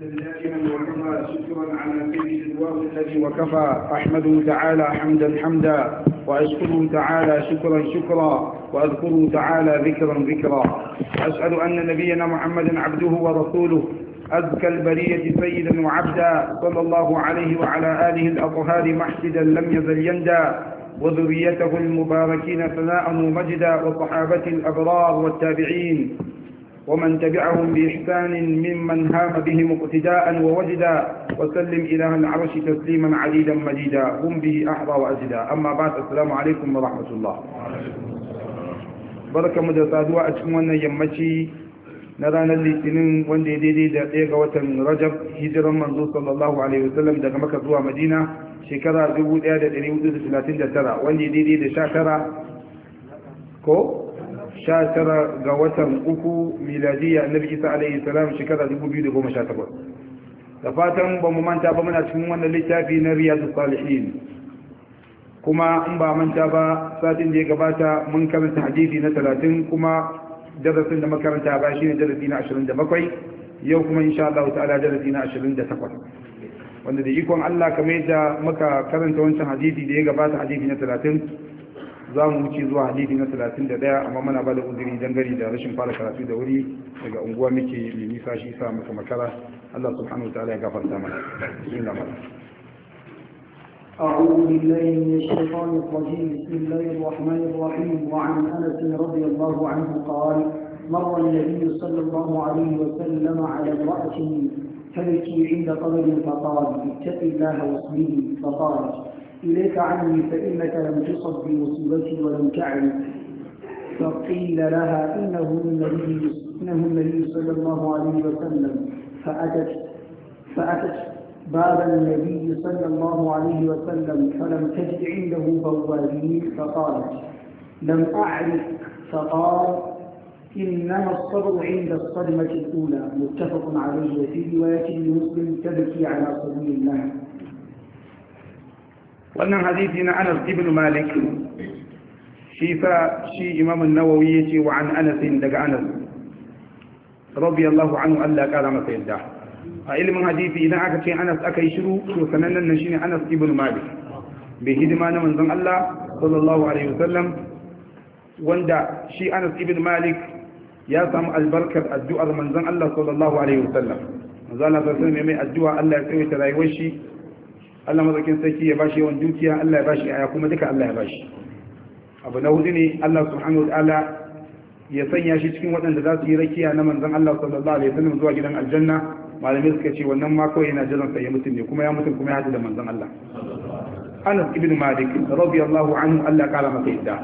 شكرا على الذي وكفى أحمده تعالى حمدا حمدا وأشكره تعالى شكرا شكرا وأذكره تعالى ذكرا ذكرا أسأل أن نبينا محمدا عبده ورسوله أزكى البرية سيدا وعبدا صلى الله عليه وعلى آله الأطهار محسدا لم يزل يندى وذريته المباركين ثناء ومجدا وصحابته الأبرار والتابعين ومن تبعهم بإحسان ممن هام بهم اقتداء ووجدا وسلم إله العرش تسليما عديدا مجيدا هم به أحظى وأجدا أما بعد السلام عليكم ورحمة الله بركة مدرسة أتمنى يمتي na ranar litinin wanda ya daidai da ɗaya ga watan rajab hijiran manzo sallallahu alaihi wasallam daga maka zuwa madina shekara 1439 wanda ya daidai da 19 ko sha tara ga watan uku miladiya annabi isa alaihi salam shekara 2018 da fatan ba mu manta ba muna cikin wannan littafi na riyadu salihin kuma in ba manta ba satin da ya gabata mun karanta hadisi na 30 kuma darasin da makaranta ba shi ne darasi na 27 yau kuma insha Allah ta'ala darasi na 28 wanda da ikon Allah kamar yadda muka karanta wancan hadisi da ya gabata hadisi na 30 za mu wuce zuwa hadisi na 31 amma muna ba da uzuri dangane da rashin fara karatu da wuri daga unguwa muke mai nisa shi sa muka makara Allah subhanahu wataala ya gafarta mana bismillah أعوذ بالله من الشيطان الرجيم بسم الله الرحمن الرحيم وعن أنس رضي الله عنه قال مر النبي صلى الله عليه وسلم على امرأة تبكي عند قبر فقال اتق الله واصبري فقالت إليك عني فإنك لم تصب بمصيبتي ولم تعرف فقيل لها إنه النبي إنه النبي صلى الله عليه وسلم فأتت فأتت باب النبي صلى الله عليه وسلم فلم تجد عنده بوابين فقالت لم أعرف فقال إنما الصبر عند الصدمة الأولى متفق عليه في رواية مسلم تبكي على سبيل الله wannan hadisi na anas ibn malik shi sa shi imamun nawawi ya ce wa an anasin daga anas radiyallahu anhu Allah kara masa yadda a ilimin hadisi idan aka ce anas aka yi shiru to sanannen nan shine anas ibn malik bai hidima na manzon Allah sallallahu alaihi wasallam wanda shi anas ibn malik ya samu albarkar addu'ar manzon Allah sallallahu alaihi wasallam manzon Allah sallallahu alaihi wasallam mai addu'a Allah ya tsawaita rayuwar shi Allah mazakin sarki ya bashi yawan dukiya Allah ya bashi aya kuma duka Allah ya bashi abu na hudu ne Allah subhanahu wa ta'ala ya sanya shi cikin waɗanda za su yi rakiya na manzon Allah sallallahu alaihi wasallam zuwa gidan aljanna malamai suka ce wannan mako kawai yana jiran sa ya mutu ne kuma ya mutu kuma ya hadu da manzon Allah Anas ibn Malik radiyallahu anhu Allah kala masa yadda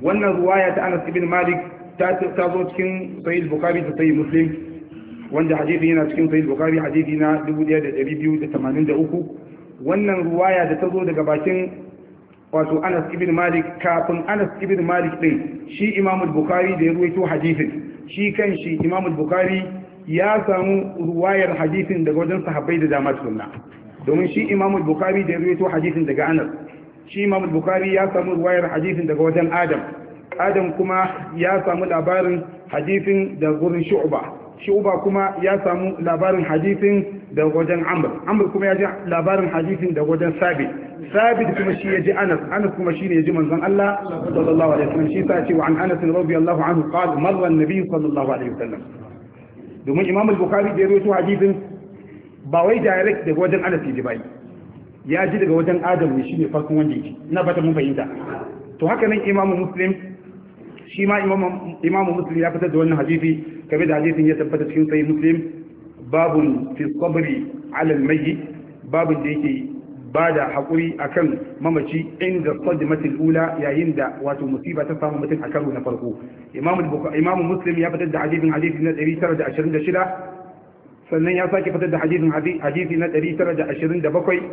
wannan ruwaya ta Anas ibn Malik ta ta zo cikin Sahih Bukhari da Sahih Muslim wanda hadisi yana cikin Sahih Bukhari hadisi na 1283 wannan ruwaya da ta zo daga bakin wato Anas ibn Malik kafin Anas ibn Malik din shi Imam al-Bukhari da ya ruwaito hadisin shi kanshi Imam al-Bukhari ya samu ruwayar hadisin daga wajen sahabbai da dama sunna domin shi Imam al-Bukhari da ya ruwaito hadisin daga Anas shi Imam al-Bukhari ya samu ruwayar hadisin daga wajen Adam Adam kuma ya samu labarin hadisin da gurin Shu'ba shuba kuma ya samu labarin hadisin da wajen Amur Amur kuma ya ji labarin hadisin da wajen sabit sabit kuma shi ya ji anas anas kuma shi ne ya ji manzon Allah sallallahu alaihi wasallam shi ta ce wa an anas radiyallahu anhu qala marra an-nabi sallallahu alaihi wasallam domin imam al-bukhari da ya rawaito hadisin ba wai direct daga wajen anas ya ji bai ya ji daga wajen adam ne shine farkon wanda yake na bata mun fahimta to haka nan imamu muslim shi ma imamu muslim ya fitar da wannan hadisi kamar da hadisin ya tabbata cikin sai muslim babun fi sabri ala almayyi babun da yake ba da haƙuri akan mamaci inda sadimatul ula yayin da wato musiba ta samu mutum a karo na farko imamu muslim ya fitar da hadisin hadisi na 926 sannan ya sake fitar da hadisin hadisi na 927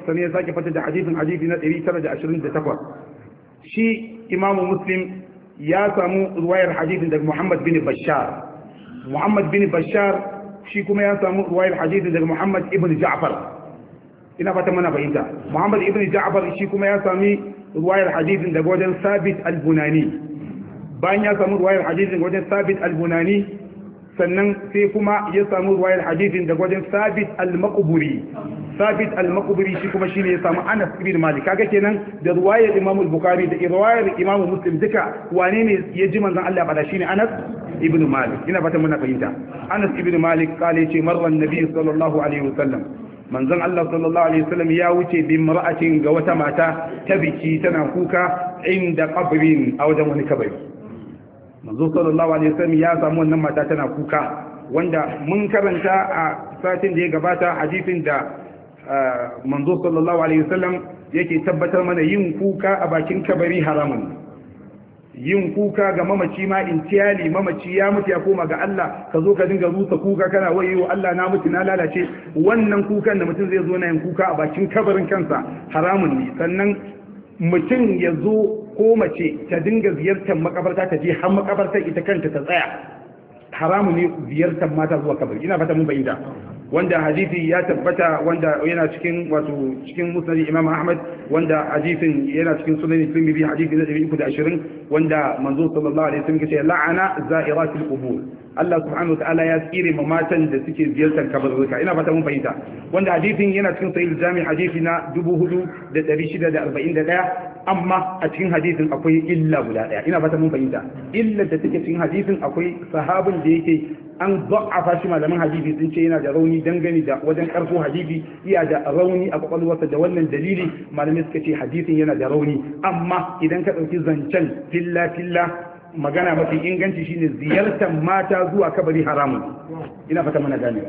sannan ya sake fitar da hadisin hadisi na 928 shi imamu muslim ya samu ruwayar hadisin daga Muhammad bin Bashar Muhammad bin Bashar shi kuma ya samu ruwayar hadisin daga Muhammad ibn Ja'far ina fata mana fahimta Muhammad ibn Ja'far shi kuma ya sami ruwayar hadisin daga wajen Sabit al-Bunani bayan ya samu ruwayar hadisin daga wajen Sabit al-Bunani sannan sai kuma ya samu ruwayar hadisin da gwajin sabit al-maqburi sabit al-maqburi shi kuma shine ya samu Anas ibn Malik kaga kenan da ruwayar Imam al-Bukhari da ruwayar Imam Muslim duka wane ne ya ji manzon Allah bada shine Anas ibn Malik ina fata muna fahimta Anas ibn Malik kale ce marra annabi sallallahu alaihi wasallam manzon Allah sallallahu alaihi wasallam ya wuce bi mar'atin ga wata mata ta biki tana kuka inda qabrin a wajen wani kabari manzo sallallahu alaihi wasallam ya samu wannan mata tana kuka wanda mun karanta a satin da ya gabata hadisin da uh, manzo sallallahu alaihi wasallam yake tabbatar mana yin kuka a bakin kabari haramun yin kuka ga mamaci ma in tiyali mamaci ya mutu ya koma ga Allah ka zo ka dinga rusa kuka kana wayo Allah na mutu na lalace wannan kukan da mutum zai zo na yin kuka a bakin kabarin kansa haramun ne sannan mutum ya zo ko mace ta dinga ziyartar makabarta ta je har makabartar ita kanta ta tsaya haramu ne ziyartar mata zuwa kabari ina fata mun bayyana wanda hadisi ya tabbata wanda yana cikin wato cikin musnad Imam Ahmad wanda hadisin yana cikin sunan Tirmidhi hadisi na 320 wanda manzo sallallahu alaihi wasallam yace la'ana za'iratul qubur Allah subhanahu wa ta'ala ya tsire ma da suke ziyartar kabarruka ina fata mun fahimta wanda hadisin yana cikin sahih jami hadisi na 4641 amma a cikin hadisin akwai illa guda daya ina fata mun fahimta illa da take cikin hadisin akwai sahabin da yake an ba'afa shi malaman hadisi sun ce yana da rauni dangane da wajen karfo hadisi iya da rauni a kwakwalwarsa da wannan dalili malamai suka ce hadisin yana da rauni amma idan ka ɗauki zancen filla filla magana mafi inganci shine ziyartar mata zuwa kabari haramun ina fata mana gane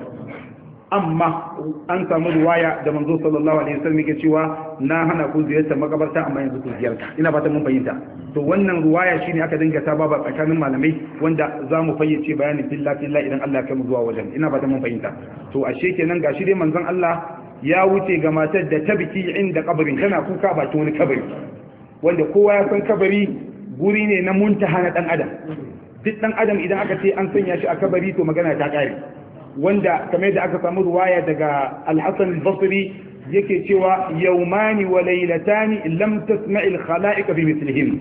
amma an samu ruwaya da manzo sallallahu alaihi wasallam yake cewa na hana ku ziyartar makabarta amma yanzu ku ziyarta ina fata mun fahimta to wannan ruwaya shine aka dinga ta baba tsakanin malamai wanda za mu fayyace bayani billahi billahi idan Allah ya kai mu zuwa wajen ina fata mun fahimta to ashe kenan gashi dai manzon Allah ya wuce ga matar da ta biki inda kabarin tana kuka ba ta wani kabari wanda kowa ya san kabari guri ne na muntaha na dan adam duk dan adam idan aka ce an sanya shi a kabari to magana ta kare wanda kamar da aka samu ruwaya daga al-hasan al-basri yake cewa yawmani wa laylatani lam tasma'i al-khala'iq bi mithlihim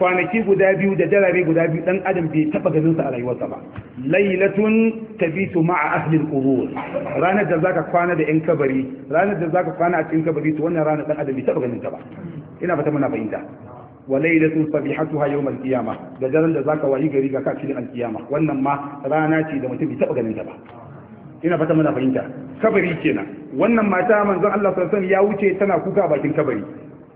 kwanaki guda biyu da jarare guda biyu dan adam bai taba ganin sa a rayuwarsa ba lailatun tabitu ma'a ahli al-qubur ranar da zaka kwana da yan kabari ranar da zaka kwana a cikin kabari to wannan ranar dan adam bai taba ganin ta ba ina fata muna fahimta wa lailatun sabihatuha yawmal qiyamah da daren da zaka wayi gari ga kafin alkiyama wannan ma rana ce da mutum bai taba ganin ta ba ina fata muna fahimta kabari kenan wannan mata manzon Allah sallallahu alaihi ya wuce tana kuka bakin kabari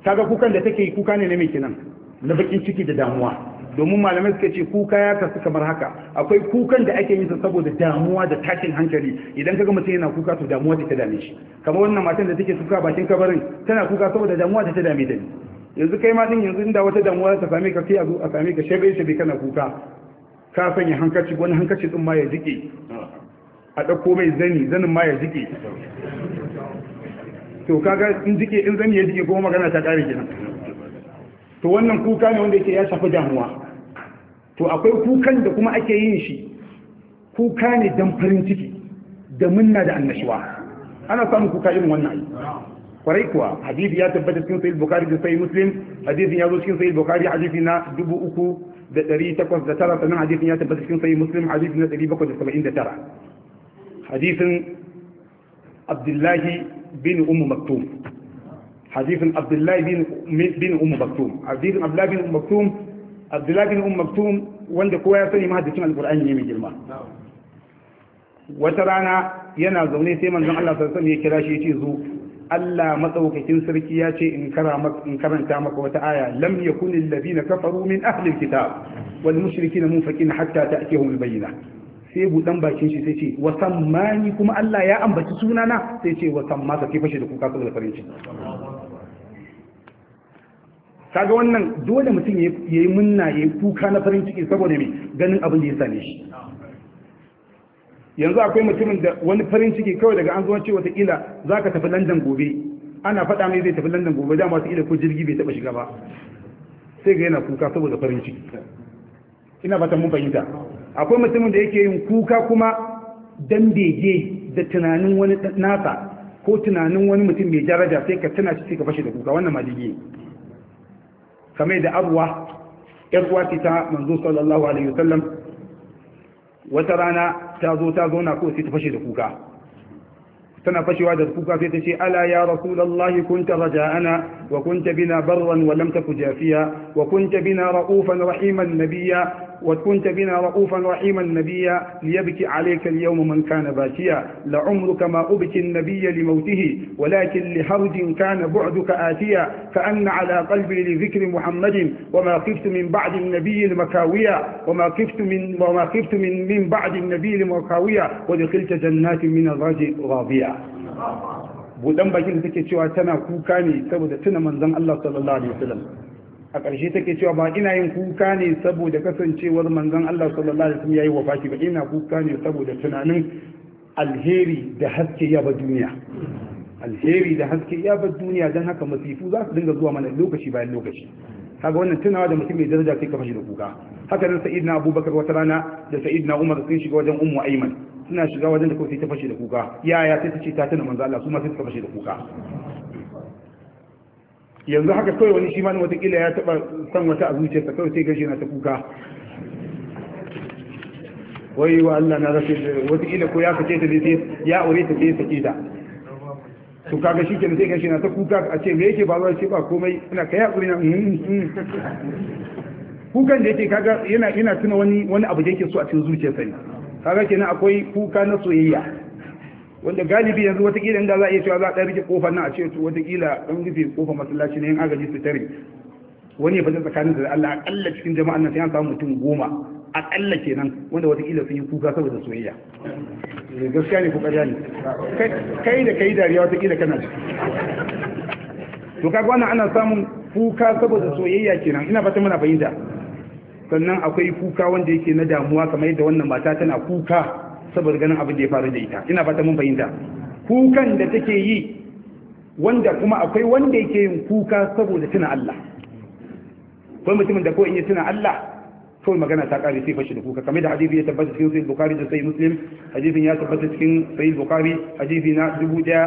kaga kukan da take kuka ne na me kenan na bakin ciki da damuwa domin malamai suka ce kuka ya kasu kamar haka akwai kukan da ake yin sa saboda damuwa da tashin hankali idan kaga mutum yana kuka to damuwa ta dame shi kamar wannan matan da take kuka bakin kabarin tana kuka saboda damuwa ta dame ta ne yanzu kai ma din yanzu inda wata damuwa ta same ka sai a zo a same ka shebe shebe kana kuka ka sanya hankaci wani hankaci din ma ya jike a ɗauko mai zani zanin ma ya jike to kaga in jike in zani ya jike kuma magana ta kare kenan to wannan kuka ne wanda yake ya shafi damuwa to akwai kukan da kuma ake yin shi kuka ne dan farin ciki da munna da annashuwa ana samun kuka irin wannan kwarai kuwa hadisi ya tabbata cikin Sayyid bukhari da sahih muslim hadisin ya zo cikin Sayyid bukhari hadisi na dubu 3809 sannan hadisin ya tabbata cikin sahih muslim hadisi na 779 hadisin abdullahi bin ummu maktum hadisin abdullahi bin bin ummu maktum hadisin abdullahi bin ummu maktum abdullahi bin ummu maktum wanda kowa ya sani ma hadisin alqur'ani ne mai girma wata rana yana zaune sai manzon Allah sallallahu alaihi wasallam ya kira shi ya ce zo Allah matsaukakin sarki ya ce in karanta maka wata aya lam yakun alladhina kafaru min ahli alkitab wal mushrikina munfakin hatta ta'tihum bayyana. sai budan bakin shi sai ce wasan mani kuma Allah ya ambaci sunana sai ce wasan samma ka kifa da kuka da farin ciki kaga wannan dole mutum yayi munna yayi kuka na farin ciki saboda mai ganin abin da ya same shi yanzu akwai mutumin da wani farin ciki kawai daga an zuwa ce ila, za ka tafi landan gobe ana faɗa mai zai tafi landan gobe dama su ila ko jirgi bai taɓa shiga ba sai ga yana kuka saboda farin ciki ina fatan mun fahimta akwai mutumin da yake yin kuka kuma dan bege da tunanin wani nasa ko tunanin wani mutum mai daraja sai ka tana shi ka fashe da kuka wannan malige kamar da arwa yar uwa ta manzo sallallahu alaihi wasallam wata rana ta zo ta zauna ko sai ta fashe da kuka tana fashewa da kuka sai ta ce ala ya rasulullahi kunta raja'ana wa kunta bina barran wa lam taku jafiya wa kunta bina ra'ufan rahiman nabiyya وكنت بنا رؤوفا رحيما نبيا ليبكي عليك اليوم من كان باكيا لعمرك ما أبكي النبي لموته ولكن لهرج كان بعدك آتيا كأن على قلبي لذكر محمد وما خفت من بعد النبي المكاوية وما خفت من وما خفت من من بعد النبي المكاوية ودخلت جنات من الرجل راضيا budan bakin da take cewa tana kuka ne saboda tuna manzon Allah sallallahu alaihi wasallam a ƙarshe take cewa ba ina yin kuka ne saboda kasancewar manzon Allah sallallahu alaihi wasallam yayi wafaki ba ina kuka ne saboda tunanin alheri da haske ya ba duniya alheri da haske ya ba duniya dan haka masifu za su dinga zuwa mana lokaci bayan lokaci kaga wannan tunawa da mutum mai daraja sai ka fashi da kuka haka nan sayyidina abubakar wata rana da sayyidina umar sun shiga wajen ummu ayman suna shiga wajen da kawai sai ta fashi da kuka yaya sai ta ce ta tana manzo Allah su ma sai ta fashi da kuka yanzu haka kawai wani shi ma watakila ya taba san wata a zuciyarsa kawai sai gashi na ta kuka wai wa Allah na rafe watakila ko ya fice ta sai ya aure ta sai sake ta to kaga shi ke sai gashi na ta kuka a ce me yake zuwa ce ba komai ina kai hakuri na mm, mm, mm. kukan da yake kaga yana yana tuna wani wani abu da yake so a cikin zuciyarsa ne kaga kenan akwai kuka na soyayya wanda galibi yanzu watakila inda za a iya cewa za a ɗan rike kofar nan a ce to watakila ɗan rufe kofar masallaci ne yan agaji su tare wani ya fita tsakanin da Allah akalla cikin jama'an nan sai an samu mutum goma akalla kenan wanda watakila sun yi kuka saboda soyayya eh, gaskiya ne ko ƙarya ne kai da kai dariya watakila kana ciki to kaga wannan ana samun kuka saboda soyayya kenan ina fata muna fahimta sannan akwai kuka wanda yake na damuwa kamar yadda wannan mata tana kuka saboda ganin abin da ya faru da ita ina fata mun fahimta kukan da take yi wanda kuma akwai wanda yake yin kuka saboda tuna Allah ko mutumin da ko in yi tuna Allah kawai magana ta kare sai fashi da kuka kamar da hadisi ya tabbata cikin sahih bukhari da sahih muslim hadisin ya tabbata cikin sahih bukhari hadisi na dubu da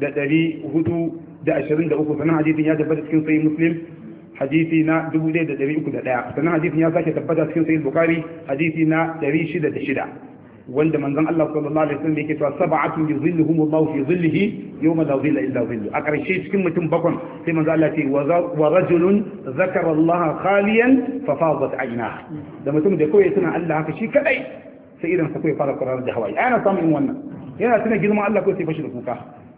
da da dari hudu uku sannan hadisin ya tabbata cikin sahih muslim hadisi na dubu da da dari uku daya sannan hadisin ya sake tabbata cikin sahih bukhari hadisi na shida. wanda manzon Allah sallallahu alaihi wasallam yake cewa sab'atun yuzilluhum Allah fi zillihi yawma la zilla illa zillu a karshe cikin mutum bakon sai manzon Allah ce wa rajulun zakara Allah khaliyan fa fadat ayna da mutum da koyi tuna Allah haka shi kadai sai idan sa koyi fara kurar da hawaye ana samun wannan yana tuna girman Allah ko sai fashi da kuka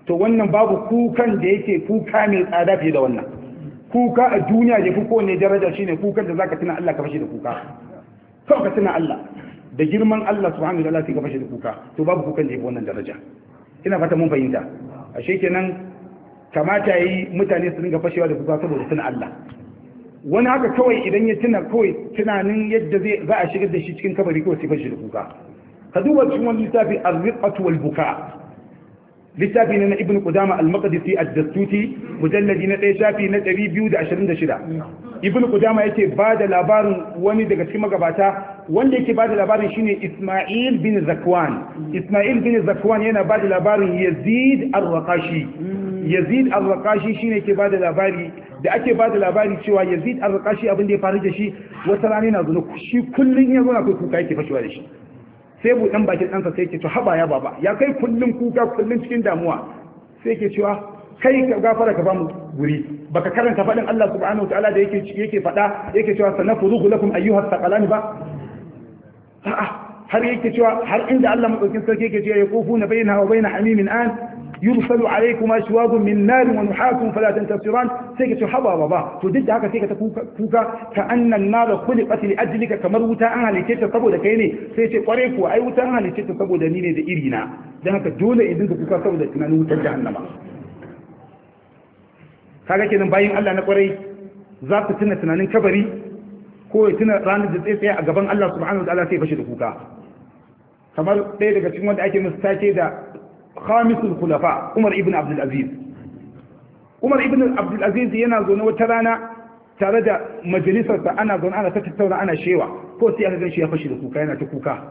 to wannan babu kukan da yake kuka mai tsada fiye da wannan kuka a duniya ya fi kowane daraja shine kukan da zaka tuna Allah ka fashi da kuka kawai tuna Allah da girman Allah subhanahu wa ta'ala sai gaba shi da kuka to babu kukan da yake wannan daraja ina fata mun fahimta ashe kenan kamata ya yi mutane su ringa fashewa da kuka saboda tuna Allah wani haka kawai idan ya tuna kawai tunanin yadda zai za a shigar da shi cikin kabari kawai sai fashe da kuka ka duba cikin wani littafi arziqatu wal buka littafi na ibn qudama al-maqdisi ad-dastuti mujalladi na ɗaya shafi na 226 ibn qudama yake ba da labarin wani daga cikin magabata wanda yake ba da labarin shine isma'il bin zakwan isma'il bin zakwan yana ba da labarin yazid ar-raqashi yazid ar-raqashi shine yake ba da labari da ake ba da labari cewa yazid ar-raqashi abin da ya faru da shi wata rana yana zuwa shi kullun ya zo kuka yake fashewa da shi sai buɗan bakin ɗansa sai ke to haba ya baba ya kai kullum kuka kullum cikin damuwa sai ke cewa kai ka gafara ka bamu guri baka karanta faɗin Allah subhanahu wataala da yake yake faɗa yake cewa sanafurughu lakum ayyuha thaqalani ba a'a har yake cewa har inda Allah madaukin sarki yake cewa yaqufuna bainaha wa bain hamimin an yursalu alaykuma shiwazun min nar wa nuhasun fala tantasiran sai ka ce haba ba to duk da haka sai ka ta kuka ka annan nar khuliqat li kamar wuta saboda kai ne sai ce kware ku ai wuta an halice ta saboda ni ne da iri na dan haka dole idan ka kuka saboda tunanin wutar jahannama kaga kenan bayin Allah na kwarai za su tuna tunanin kabari ko ya tuna ranar da tsaye a gaban Allah subhanahu wa ta'ala sai bashi da kuka kamar ɗaya daga cikin wanda ake musu take da khamisul khulafa Umar ibn Abdul Umar ibn Abdul yana zaune wata rana tare da majalisarsa ana zaune ana ta tattauna ana shewa ko sai aka ganshi ya fashi da kuka yana ta kuka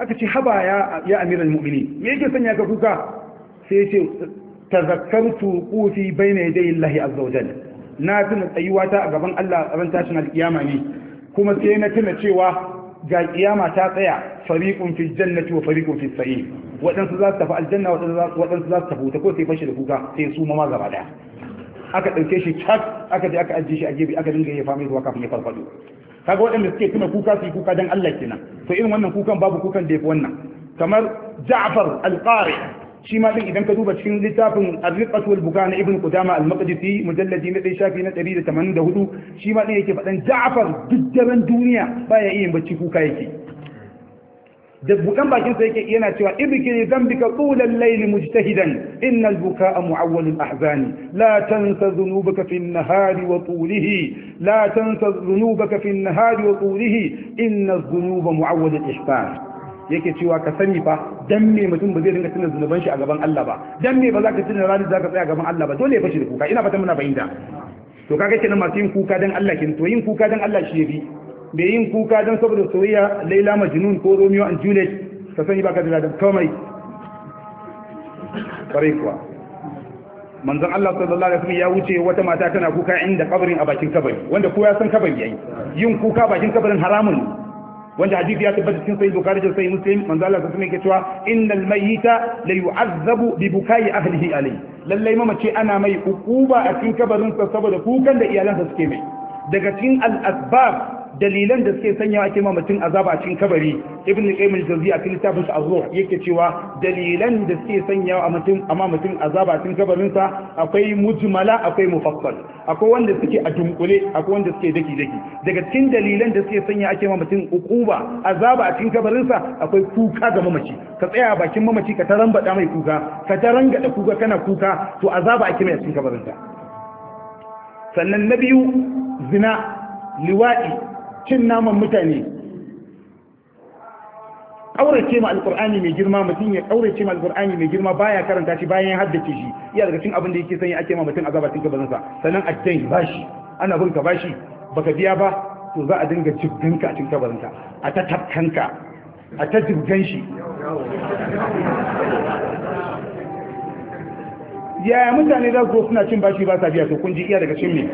aka ce haba ya ya amiral mu'minin me yake sanya ka kuka sai ya ce tazakkartu quti baina yaday yin azza wa jalla na tuna tsayuwata a gaban Allah ran tashin alkiyama ne kuma sai na tuna cewa ga kiyama ta tsaya fariqun fil jannati wa fariqun fis sa'ir wadansu za su tafi aljanna wadansu za su tafi wuta ko sai fashi da kuka sai su ma gaba daya aka dauke shi chak aka je aka ajiye shi a gefe aka dinga yafa mai ruwa kafin ya farfado kaga wadanda suke tuna kuka su kuka dan Allah kenan to irin wannan kukan babu kukan da yafi wannan kamar Ja'far al-Qari شي ما دين إذا كتوبة شين لتاف الرقة والبكاء ابن قدامة المقدسي مجلد نبي شافي نتبي تمن دهدو شي دين كيف أن جعفر بجرا دنيا بايا إيم بتشكو كايكي دبو كم باكين سيكي ينا تيوا إبكي لذنبك طول الليل مجتهدا إن البكاء معول الأحزان لا تنسى ذنوبك في النهار وطوله لا تنسى ذنوبك في النهار وطوله إن الذنوب معول الإحسان yake cewa ka sani fa dan me mutum ba zai dinga tuna zunuban shi a gaban Allah ba dan me ba za ka tuna ranar za ka tsaya a gaban Allah ba dole ya fashi da kuka ina fata muna fahimta to kaga kenan masu yin kuka dan Allah kin to yin kuka dan Allah shi bi me yin kuka dan saboda soyayya Laila Majnun ko Romeo and Juliet ka sani baka da ladan komai kare kuwa manzon Allah sallallahu alaihi wasallam ya wuce wata mata tana kuka inda kabarin a bakin kabari wanda kowa ya san kabari yayi yin kuka bakin kabarin haramun wanda hadisi ya tabbata cikin sahih bukhari da sahih muslim manzo Allah sallallahu alaihi wasallam mai cewa innal mayyita la yu'azzabu bi bukai ahlihi alayhi lalle mamace ana mai ukuba a cikin kabarin sa saboda kukan da iyalansa suke mai daga cikin al asbab dalilan da suke sanya ake ma mutum azaba a cikin kabari ibn qayyim al a littafin sa azruh yake cewa dalilan da suke sanya a mutum amma mutum azaba a cikin kabarin sa akwai mujmala akwai mufassal akwai wanda suke a dunkule akwai wanda suke daki daki daga cikin dalilan da suke sanya ake ma mutum ukuba azaba a cikin kabarin sa akwai kuka ga mamaci ka tsaya bakin mamaci ka tarambada mai kuka ka tarangada kuka kana kuka to azaba ake mai a cikin kabarin sa sannan na biyu zina liwa'i cin naman mutane ƙaurace ma alƙur'ani mai girma mutum ya ƙaurace ma alƙur'ani mai girma baya karanta shi bayan ya haddace shi iya daga cin abin da yake sanya ake ma mutum azaba cikin bazansa sannan ba bashi ana bin ka shi baka biya ba to za a dinga jibganka a cikin kabarinka a ta tafkanka a ta jibgan shi yaya mutane za su suna cin bashi ba sa biya to kun ji iya daga cin me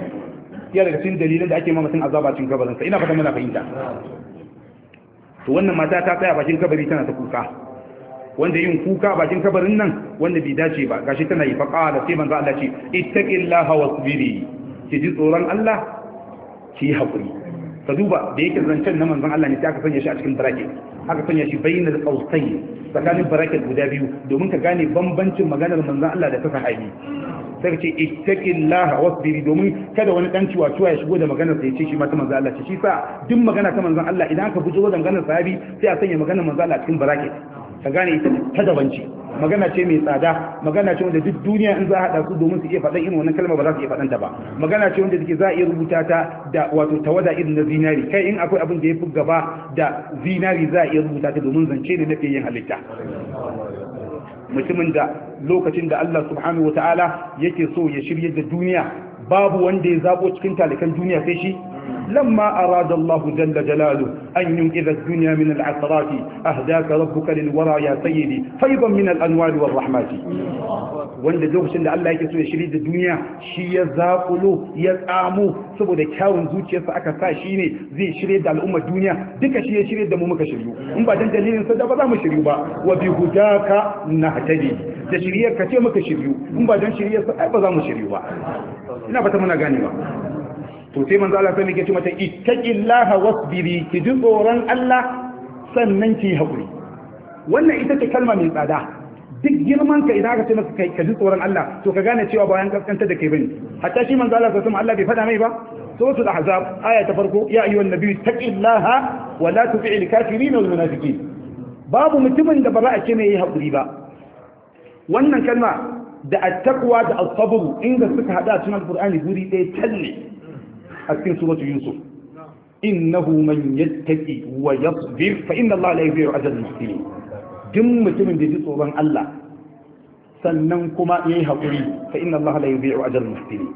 ya daga cikin dalilin da ake ma mutum azaba cikin kabarin sa ina fata muna fahimta to wannan mata ta tsaya bakin kabari tana ta kuka wanda yin kuka bakin kabarin nan wanda bai dace ba gashi tana yi faqa da sai manzo Allah ce ittaqillaha wasbiri ki ji tsoron Allah ki yi hakuri ka duba da yake zancen na manzon Allah ne sai aka sanya shi a cikin bracket aka sanya shi bainal qawsayn tsakanin bracket guda biyu domin ka gane bambancin maganar manzon Allah da ta sahabi sai ce ittaqillaha wasbir domin kada wani dan ciwa ciwa ya shigo da maganar sa ya ce shi ma ta manzon Allah ce shi sa duk magana ta manzon Allah idan ka bujo maganar sahabi sai a sanya maganar manzon Allah cikin bracket ka gane ita ta dabanci magana ce mai tsada magana ce wanda duk duniya in za a hada su domin su iya faɗan irin wannan kalma ba za su iya faɗan ta ba magana ce wanda take za a iya rubuta ta da wato tawada irin na zinari kai in akwai abin da ya fi gaba da zinari za a iya rubuta ta domin zance ne na fiye yin halitta mutumin da lokacin da Allah subhanahu wataala yake so ya shirye da duniya babu wanda ya zabo cikin talikan duniya sai shi لما أراد الله جل جلاله أن ينقذ الدنيا من العثرات أهداك ربك للورى يا سيدي فيضا من الأنوار والرحمات wanda lokacin da Allah yake so ya shirye da duniya shi ya zakulo ya tsamo saboda kyawun zuciyarsa aka sa shi ne zai shirye da al'ummar duniya duka shi ya da mu muka shiryu in ba dan dalilin sa da ba za mu shiryu ba da ka ce maka shiryu in ba dan shiryar sa ba za mu shiryu ba ina fata muna ba. to sai manzo Allah sai yake ce mata ittaqillaha wasbiri ki ji tsoron Allah sannan ki haƙuri wannan ita ce kalma mai tsada duk girman ka idan aka ce maka ka ji tsoron Allah to ka gane cewa bayan kaskanta da kai bane hatta shi manzo Allah sai Allah bai faɗa mai ba suratul ahzab aya ta farko ya ayyuhan nabi taqillaha wa la tuti'il kafirin wal munafiqin babu mutumin da ba za a ce mai haƙuri ba wannan kalma da at-taqwa da as-sabr inda suka hada cikin alqur'ani guri ɗaya talle a cikin suratu yusuf innahu man yattaqi wa yasbir fa inna allaha la yudhi'u ajra al-muhsinin duk mutumin da ji tsoron Allah sannan kuma ya yayi hakuri fa inna allaha la yudhi'u ajra al-muhsinin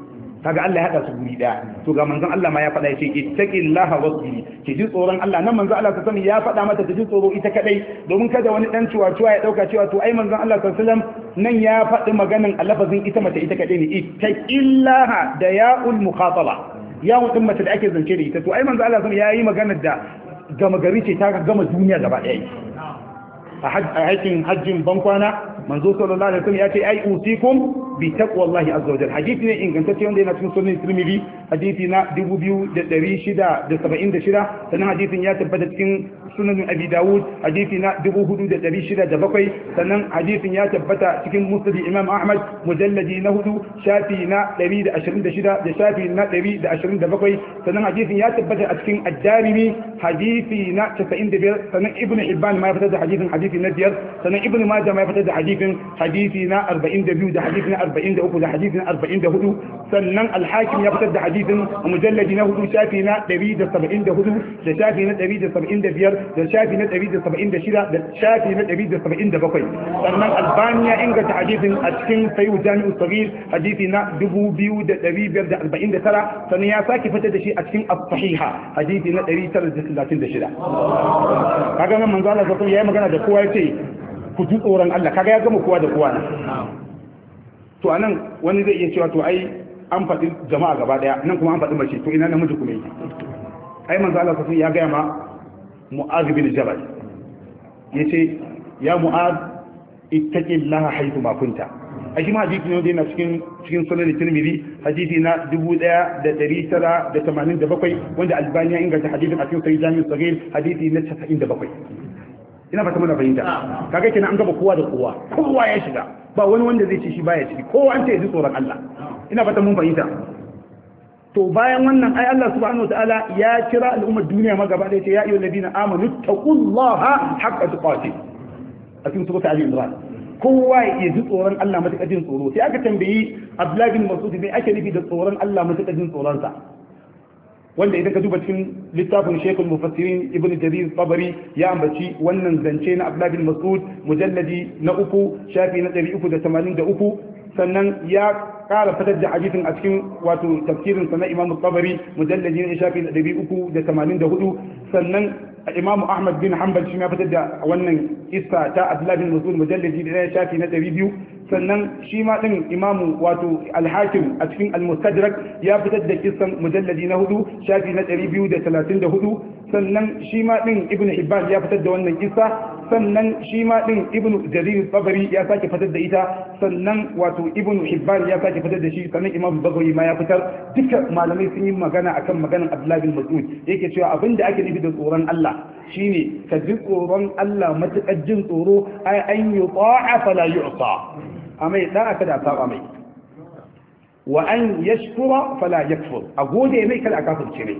kaga Allah ya hada su guri daya to ga manzon Allah ma ya faɗa yace ittaqillaha wasbir ki ji tsoron Allah nan manzon Allah sallallahu alaihi ya faɗa mata ta ji tsoro ita kadai domin kada wani dan ciwa ciwa ya dauka cewa to ai manzon Allah sallallahu alaihi wasallam nan ya faɗi maganan alafazin ita mata ita kadai ne ittaqillaha da ya'ul mukhataba yawon din mace da ake zance da ita to ai manzo Allah ya yi magana da gama gari ce ta gama duniya gaba ɗaya a haƙin hajjin bankwana manzo sallallahu alaihi wasallam ya ce ai usikum bi taqwallahi azza wajal hadisi ne ingantacce wanda yana cikin sunan Tirmidhi hadisi na shida sannan hadisin ya tabbata cikin sunan abi dawud hadisi na bakwai sannan hadisin ya tabbata cikin musnad imam ahmad mujalladi na hudu shafi na 126 da ashirin da da shida shafi na da da ashirin bakwai sannan hadisin ya tabbata a cikin ad-darimi hadisi na biyar sannan ibnu hibban ma ya fitar da hadisin hadisi na biyar sannan ibnu majah ma ya fitar da hadisin hadisi na 42 da hadisi na 43 da hadisi na hudu sannan alhakim ya fitar da hadisin mujalladi na hudu shafi na 174 da shafi na 175 da shafi na 176 da shafi na 177 sannan albaniya ya inganta hadisin a cikin sayu jami'u sabir hadisi na 2549 sannan ya sake fitar da shi a cikin as-sahiha hadisi na 936 kaga nan manzo Allah ya yi magana da kowa yace ku ji tsoron Allah kaga ya gama kowa da kowa na to anan wani zai iya cewa to ai an faɗi jama'a gaba ɗaya nan kuma an faɗi mace to ina namiji kuma yi ai manzo Allah sai ya gaya ma Mu'adh bin Jabal yace ya Mu'adh ittaqillaha haythu ma kunta a shi ma hadisi ne yana cikin cikin sunan Tirmidhi hadisi na 1987 wanda Albani ya inganta hadisin a cikin Sahih jami'u sahih hadisi na 97 ina fata mana fahimta kaga kenan an gaba kowa da kowa kowa ya shiga ba wani wanda zai ce shi baya ciki kowa an ce ya ji tsoron Allah ina fata mun fahimta to bayan wannan ai Allah subhanahu wataala ya kira al'ummar duniya ma gaba da ya ayyuhal ladina amanu taqullaha haqqa tuqatih a cikin surah ali imran kowa ya ji tsoron Allah matuƙa jin tsoro sai aka tambayi Abdullahi bin Mas'ud me ake nufi da tsoron Allah matuƙa jin tsoron sa wanda idan ka duba cikin littafin Sheikh al-Mufassirin Ibn Jarir Tabari ya ambaci wannan zance na Abdullah bin Mas'ud mujalladi na uku shafi na 383 sannan ya kara fitar da hadisin a cikin wato tafsirin sa na Imam Tabari mujalladi na shafi na 384 sannan الإمام أحمد بن حنبل شما فتدى وانا إسا تا أبلا بن مسؤول مجلد جدا شافي نتبي بيو sannan shi ma ɗin imamu wato alhakim a cikin almustadrak ya fitar da kisan mujalladi na hudu shafi na ɗari biyu da talatin da hudu sannan shi ma din ibnu hibban ya fitar da wannan kissa sannan shi ma din ibnu jarir tabari ya sake fitar da ita sannan wato ibnu hibban ya sake fitar da shi sannan imam bagawi ma ya fitar duka malamai sun yi magana akan maganar abdullahi bin mas'ud yake cewa abin da ake nufi da tsoron Allah shine ka ji tsoron Allah matakar jin tsoro ai an yi ta'a fala yu'ta amai da aka da saba mai wa an yashkura fala yakfur a gode mai kada a kafirce mai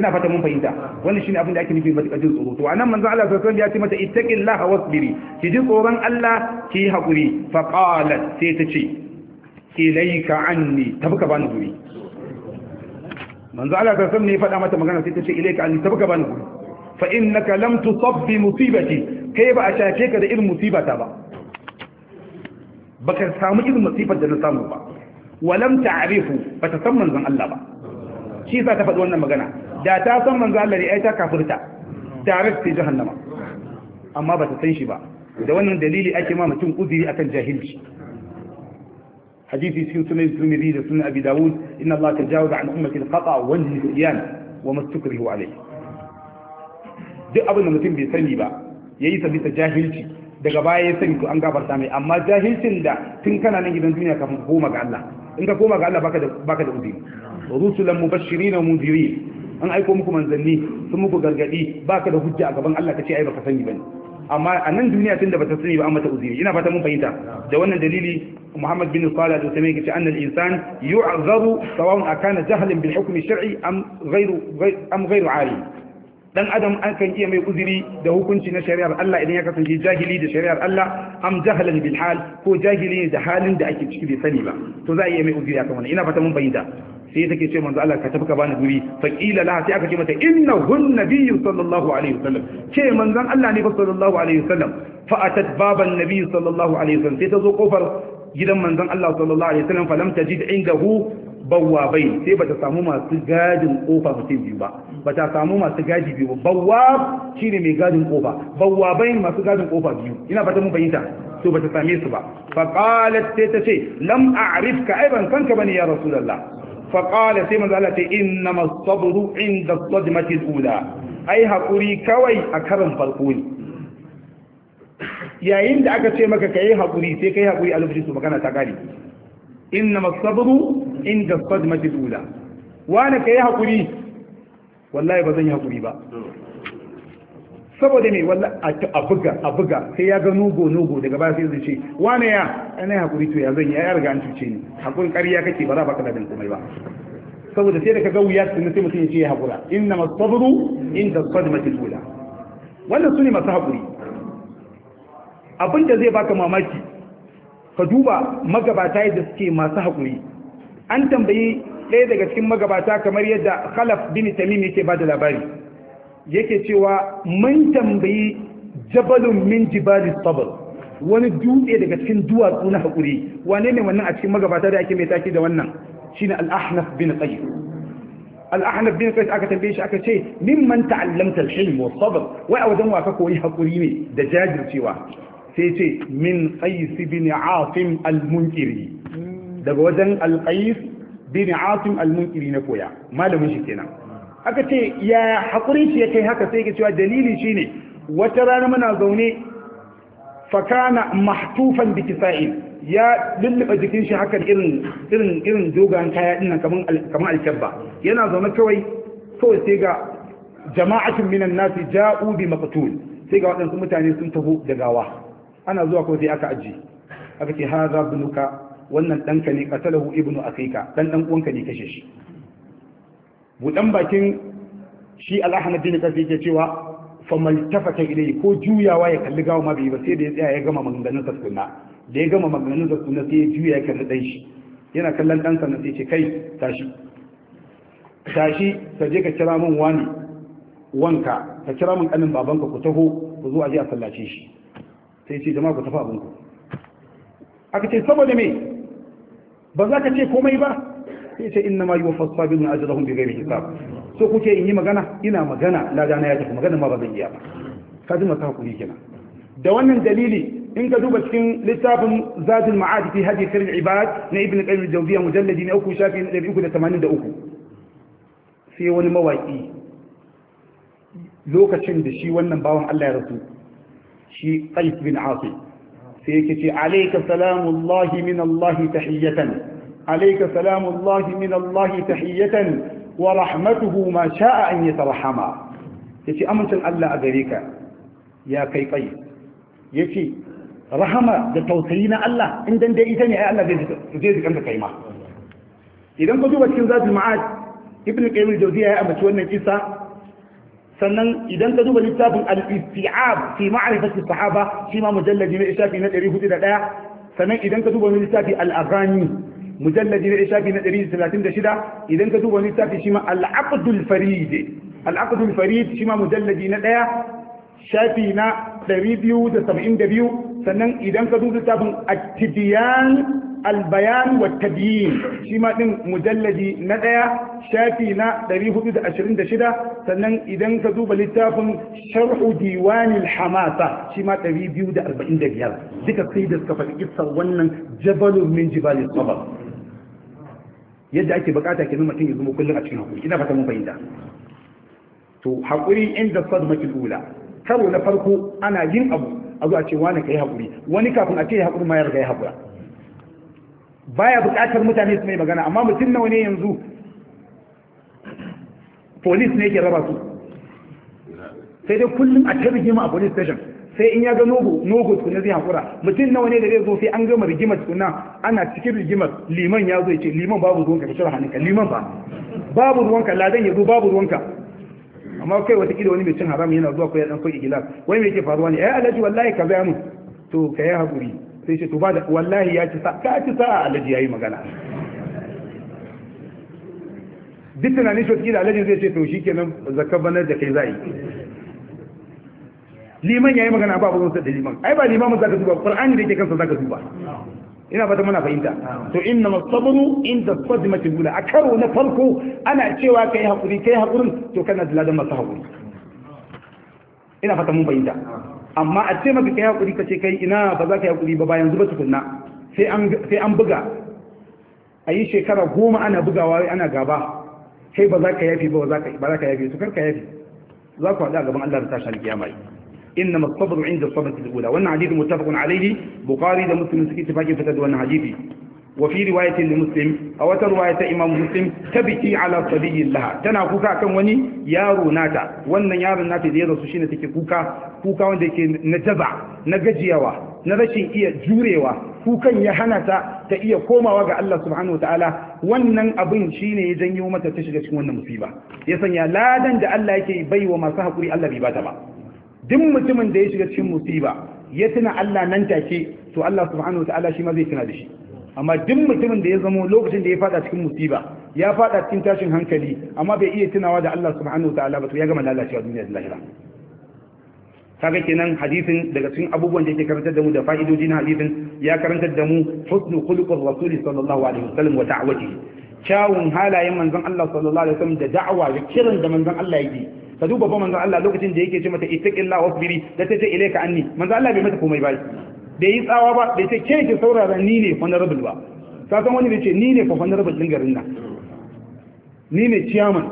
ina fata mun fahimta wannan shine abin da ake nufi mata jin tsoro to anan manzo Allah sallallahu alaihi ya ce mata ittaqillaha wasbiri ki ji tsoron Allah ki hakuri fa qalat sai ta ce ilayka anni tabka bani guri manzo Allah sallallahu alaihi wasallam ne ya mata magana sai ta ce ilayka anni tabka bani guri fa innaka lam tusab bi musibati kai ba a shafe ka da irin musibata ba baka samu irin musibar da na samu ba walam ta'rifu bata san manzon Allah ba shi sa ta faɗi wannan magana da ta san manzo Allah ne ai ta kafirta tare ta jahannama amma ba ta san shi ba da wannan dalili ake ma mutum uzuri akan jahilci hadisi sunan حديث في سنة الترمذي وسنة أبي داود إن الله تجاوز عن أمة الخطأ والنسيان وما استكرهوا عليه duk abin da mutum bai sani ba ya yi bisa jahilci daga baya ya sani ko an gafarta mai amma jahilcin da tun kana nan gidan duniya kafin koma ga Allah in ka koma ga Allah baka da baka da uzuri rusulan mubashirin wa mundirin an aiko muku manzanni sun muku gargadi baka da hujja a gaban Allah kace ai baka sani bane amma a nan duniya tunda bata sani ba an mata uzuri ina fata mun fahimta da wannan dalili Muhammad bin Salih da Sami kace annal insan yu'zaru sawa'un akana jahlan bil hukm shar'i am ghayru am ghayru 'alim dan adam an kan iya mai uzuri da hukunci na shari'ar Allah idan ya kasance jahili da shari'ar Allah am jahalan bil hal ko jahili da halin da ake ciki bai sani ba to za a iya mai uzuri akan wannan ina fata mun fahimta. sai take ce manzo Allah ka tafi ka bani guri fa qila laha sai aka ce mata innahun nabiyyu sallallahu alaihi wasallam ce manzon Allah ne fa sallallahu alaihi wasallam fa atat baban nabiyyu sallallahu alaihi wasallam sai ta zo kofar gidan manzon Allah sallallahu alaihi wasallam fa lam tajid indahu bawwabai sai bata samu masu gadin kofa mutum biyu ba bata samu masu gadi biyu ba bawwab shine mai gadin kofa bawwabai masu gadin kofa biyu ina fata mun bayyana to bata same su ba fa qalat sai ta ce lam a'rifka ai ban san ka bane ya rasulullah faƙala sai manzo Allah ta inna masabru inda sadmati ula ai hakuri kawai a karan farko ne yayin da aka ce maka kai hakuri sai kai hakuri a lokacin su magana ta kare inna masabru inda sadmati ula wani kai hakuri wallahi ba zan yi hakuri ba saboda me wala a buga a buga sai ya ga nugo nugo daga baya sai zai ce wane ya ana hakuri to ya zan ya riga an cuce ni hakurin ƙarya kake ba za ba ka da komai ba saboda sai da ka ga wuya sun sai mutum ya ce ya hakura inna masabru inda sadmatil ula wannan ne masu hakuri abinda zai baka mamaki ka duba magabata yadda suke masu hakuri an tambayi ɗaya daga cikin magabata kamar yadda khalaf bin tamim yake ba da labari yake cewa mun tambayi jabalun min jibalis sabr wani dutse daga cikin duwatsu na hakuri wane ne wannan a cikin magabata da ake mai taki da wannan shine al-ahnaf bin qayy al-ahnaf bin qayy aka tambaye shi aka ce mimman ta'allamta al-hilm wa sabr wai a wajen wa ka koyi hakuri ne da jajircewa sai ce min qais bin asim al-munkiri daga wajen al-qais bin asim al-munkiri na koya malamin shi kenan aka ce ya haƙuri shi ya kai haka sai ke cewa dalili shi ne wata rana muna zaune fakana mahtufan biki sa'in ya lullube jikin shi hakan irin irin dogon kaya ɗin kaman kaman alkyabba yana zaune kawai kawai sai ga jama'atun minan nasi ja'u bi sai ga waɗansu mutane sun taho da gawa ana zuwa kawai sai aka aji aka ce hadha bunuka wannan ɗanka ne qatalahu ibnu akika dan dan uwanka ne kashe shi budan bakin shi al jini ta kafi yake cewa famal tafata ilai ko juyawa ya kalli gawa ma bai ba sai da ya tsaya ya gama maganganun sa da ya gama maganganun sa sai ya juya ya kalli dan shi yana kallon dan sa sai ce kai tashi tashi ka je ka kira min wani wanka ka kira min kanin babanka ku taho ku zo a je a sallace shi sai ce jama'a ku tafi abinku aka ce saboda me ba za ka ce komai ba sai ce inna ma yuwaffa sabirun ajrahum bighairi hisab so kuke in yi magana ina magana ladana ya tafi magana ma ba zan iya ba ka ji masa hakuri kenan da wannan dalili in ka duba cikin littafin zatul ma'ad fi hadi kar ibad na ibn qayyim al-jawziyya mujalladi na uku shafi 383 sai wani mawaki lokacin da shi wannan bawan Allah ya rasu shi Qais bin Asim sai yake ce alayka salamullahi min Allah tahiyatan عليك سلام الله من الله تحية ورحمته ما شاء أن يترحما يتي أمنت الله أدريك يا كيقي يتي رحمة لتوصينا الله إن دن دئتني يا الله زيزك أنت كيما إذا كنت بكين ذات المعاد ابن قيم الجوزية يا أمت وانا كيسا sannan idan ka duba littafin al-isti'ab fi ma'rifati sahaba shi ma mujalladi na ishafi na 401 sannan idan ka duba littafi al-aghani mujalladi na shafi na 136 idan ka duba littafi shi ma al farid al-aqdul farid shi ma na daya shafi na sannan idan ka duba littafin at-tibyan wa tabyin shi ma din mujalladi na daya shafi na 426 sannan idan ka duba littafin sharhu diwan al-hamasa shi ma 245 duka sai da suka faɗi kissar wannan jabalun min jibal sabr yadda ake bukata kenan mutum ya zama kullum a cikin hakuri ina fata mun fahimta to hakuri inda maki ula karo na farko ana yin abu a zuwa ce wani kai hakuri wani kafin a ce ya hakuri ma ya riga ya hakura baya bukatar mutane su mai magana amma mutum nawa ne yanzu police ne ke raba su sai dai kullum a ta rigima a police station sai in ya ga nugu nugu tukuna zai hakura mutum nawa ne da zai zo sai an gama rigimar tukuna ana cikin rigimar liman ya zo ya ce liman babu ruwanka ka shirya hannunka liman ba babu ruwanka ladan ya zo babu ruwanka amma kai watakila wani mai cin haram yana zuwa kai dan kai gilas wai mai ke faruwa ne ai eh, alaji wallahi ka zai mun to ka yi hakuri sai ce to ba da wallahi ya ci sa ka ci sa alaji yayi magana duk tunanin shi watakila alaji zai ce to shikenan zakar banar da kai za'i yi liman yayi magana ba abun sa da liman ai ba liman limamin zaka duba qur'ani da yake kansa zaka duba ina fata muna fahimta to inna masabru inda sadmati gula a karo na farko ana cewa kai hakuri kai hakurin to kana da ladan masu hakuri ina fata mun fahimta amma a ce maka kai hakuri kace kai ina ba za ka yi hakuri ba bayan zuba tukunna sai an sai an buga a yi shekara goma ana bugawa ana gaba kai ba za ka yafi ba ba za ka yafi to kar ka yafi za ku haɗu a gaban Allah da tashin alkiyama انما الصبر عند الصدمه الاولى وان حديث متفق عليه البخاري ومسلم في اتفاق فتد والنهجي وفي روايه لمسلم او روايه ta مسلم تبكي على صبي لها tana kuka akan wani yaro nata wannan yaron nata da yaro su shine take kuka kuka wanda na najaba na gajiyawa na rashin iya jurewa kukan ya hana ta ta iya komawa ga Allah subhanahu wataala wannan abin ne ya janyo mata ta shiga cikin wannan musiba ya sanya ladan da Allah yake baiwa masu hakuri Allah bai bata ba duk mutumin da ya shiga cikin musiba ya tuna Allah nan take to Allah subhanahu wataala shi ma zai tuna da shi amma duk mutumin da ya zamo lokacin da ya fada cikin musiba ya fada cikin tashin hankali amma bai iya tunawa da Allah subhanahu wataala ba to ya gama lalacewa duniya da lahira kaga kenan hadisin daga cikin abubuwan da yake karantar da mu da fa'idoji na hadisin ya karantar da mu husnu khuluqur rasuli sallallahu alaihi wasallam wa da'wati kyawun halayen manzon Allah sallallahu alaihi wasallam da da'awa da kiran da manzon Allah yake ka duba fa manzon Allah lokacin da yake ce mata ittaqillah wasbiri da tace ilayka anni manzon Allah bai mata komai ba da yi tsawa ba da ce ke ki saurara ni ne fa honorable ba ka san wani ne ce ni ne fa honorable din garin nan ni ne chairman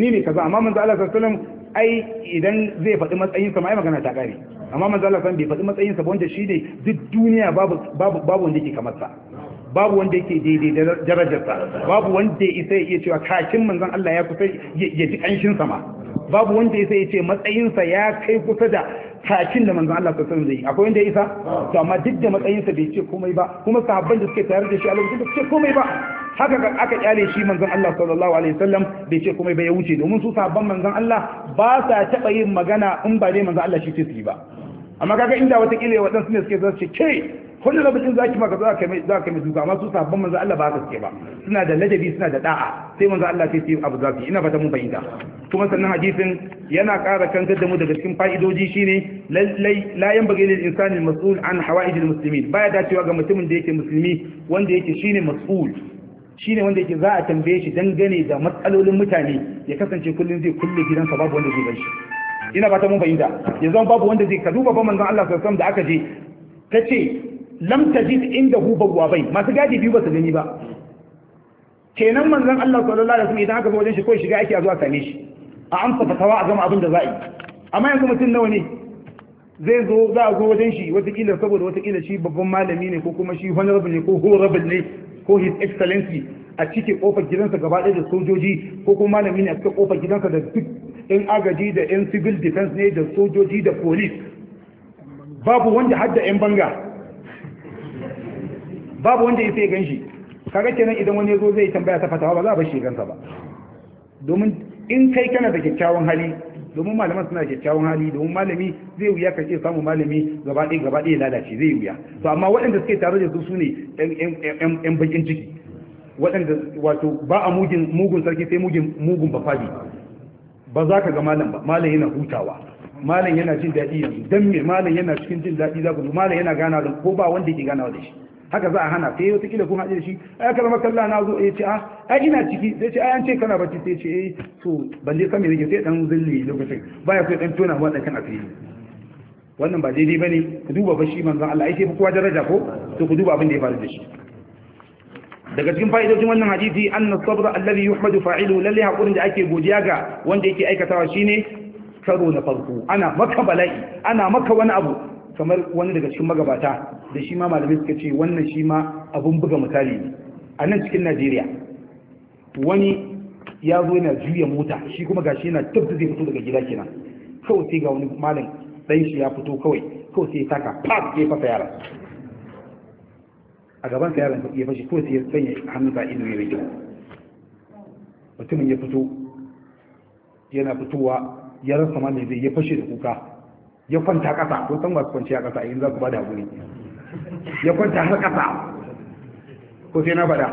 ni ne kaza amma manzon Allah sallallahu alaihi wasallam ai idan zai faɗi matsayin sa ma ai magana ta kare amma manzon Allah sallallahu alaihi wasallam bai faɗi matsayin sa ba wanda shi ne duk duniya babu babu babu wanda yake kamar sa babu wanda yake daidai da darajar sa babu wanda ya isa ya cewa kakin manzon Allah ya kusa ya ji kanshin sama babu wanda ya sai ce matsayinsa ya kai kusa da takin da manzan Allah sallallahu alaihi wasallam akwai wanda ya isa to amma duk da matsayinsa bai ce komai ba kuma sahabban da suke tayar da shi a lokacin da suke komai ba haka aka kyale shi manzan Allah sallallahu alaihi wasallam bai ce komai ba ya wuce domin su sahabban manzan Allah ba sa taba yin magana in ba dai manzan Allah shi ce su yi ba amma kaga inda wata kile waɗansu ne suke zace ce. wani lokacin za ki maka za ka mai za ka mai duka amma su sabon manzo Allah ba su ce ba suna da ladabi suna da da'a sai manzo Allah sai sai abu zafi ina fata mun fahimta kuma sannan hadisin yana ƙara kan da mu daga cikin fa'idoji shine lallai la yan bagale insani mas'ul an hawaijil muslimin baya dacewa ga mutumin da yake musulmi wanda yake shine mas'ul shine wanda yake za a tambaye shi dangane da matsalolin mutane ya kasance kullum zai kulle gidansa babu wanda zai bar shi ina fata mun fahimta yanzu babu wanda zai ka duba ba manzon Allah sallallahu alaihi wasallam da aka je ce. lam tajid indahu bawwabai masu gadi biyu ba su gani ba kenan manzon Allah sallallahu alaihi wasallam idan aka zo wajen shi ko shiga ake zuwa same shi a amsa fatawa a zama abin da za yi amma yanzu mutum nawa ne zai zo za a zo wajen shi watakila saboda watakila shi babban malami ne ko kuma shi honorable ne ko horrible ne ko his excellency a cike kofar gidansa gaba ɗaya da sojoji ko kuma malami ne a cikin kofar gidansa da duk yan agaji da yan civil defense ne da sojoji da police babu wanda hadda yan banga babu wanda ya sai ganshi kaga kenan idan wani yazo zai tambaya ta fatawa ba za a bar shi gansa ba domin in kai kana da kyakkyawan hali domin malaman suna da kyakkyawan hali domin malami zai wuya ka ce samu malami gaba ɗaya gaba ɗaya lalace zai wuya to amma waɗanda suke tare da su sune yan bakin ciki waɗanda wato ba a mugun mugun sarki sai mugun mugun fadi ba za ka ga malam ba malam yana hutawa malam yana jin daɗi yanzu dan me malam yana cikin jin daɗi za ku malam yana gana da ko ba wanda yake gana da shi haka za a hana sai eh, wata kila kun haɗe da shi ai aka zama na zo ya eh, ce a ah, ai ina ciki sai ce ai an ce kana bacci sai ce eh to balle ka me rage sai dan zille lokacin baya sai dan tona wannan kana sai wannan ba daidai bane ku duba ba shi manzon Allah ai sai kowa daraja ko to ku duba abin da ya faru da shi daga cikin fa'idojin wannan hadisi anna sabra alladhi yuhmadu fa'iluhu lalle hakurin da ake godiya ga wanda yake aikatawa shine karo na farko ana maka bala'i ana maka wani abu kamar wani daga cikin magabata da shi ma malamai suka ce wannan shi ma abun buga misali ne a nan cikin najeriya wani ya zo yana juya mota shi kuma gashi yana tabbata zai fito daga gida kenan kawai sai ga wani malam dan shi ya fito kawai kawai sai ya taka pap ya fasa yaran a gaban sa yaran ya fashi kawai sai ya sanya hannun sa ido ya rage mutumin ya fito yana fitowa ya rasa ma me zai ya fashe da kuka ya kwanta ƙasa kun san masu kwanciya ƙasa in za ku ba da haƙuri ya kwanta har ƙasa ko sai na faɗa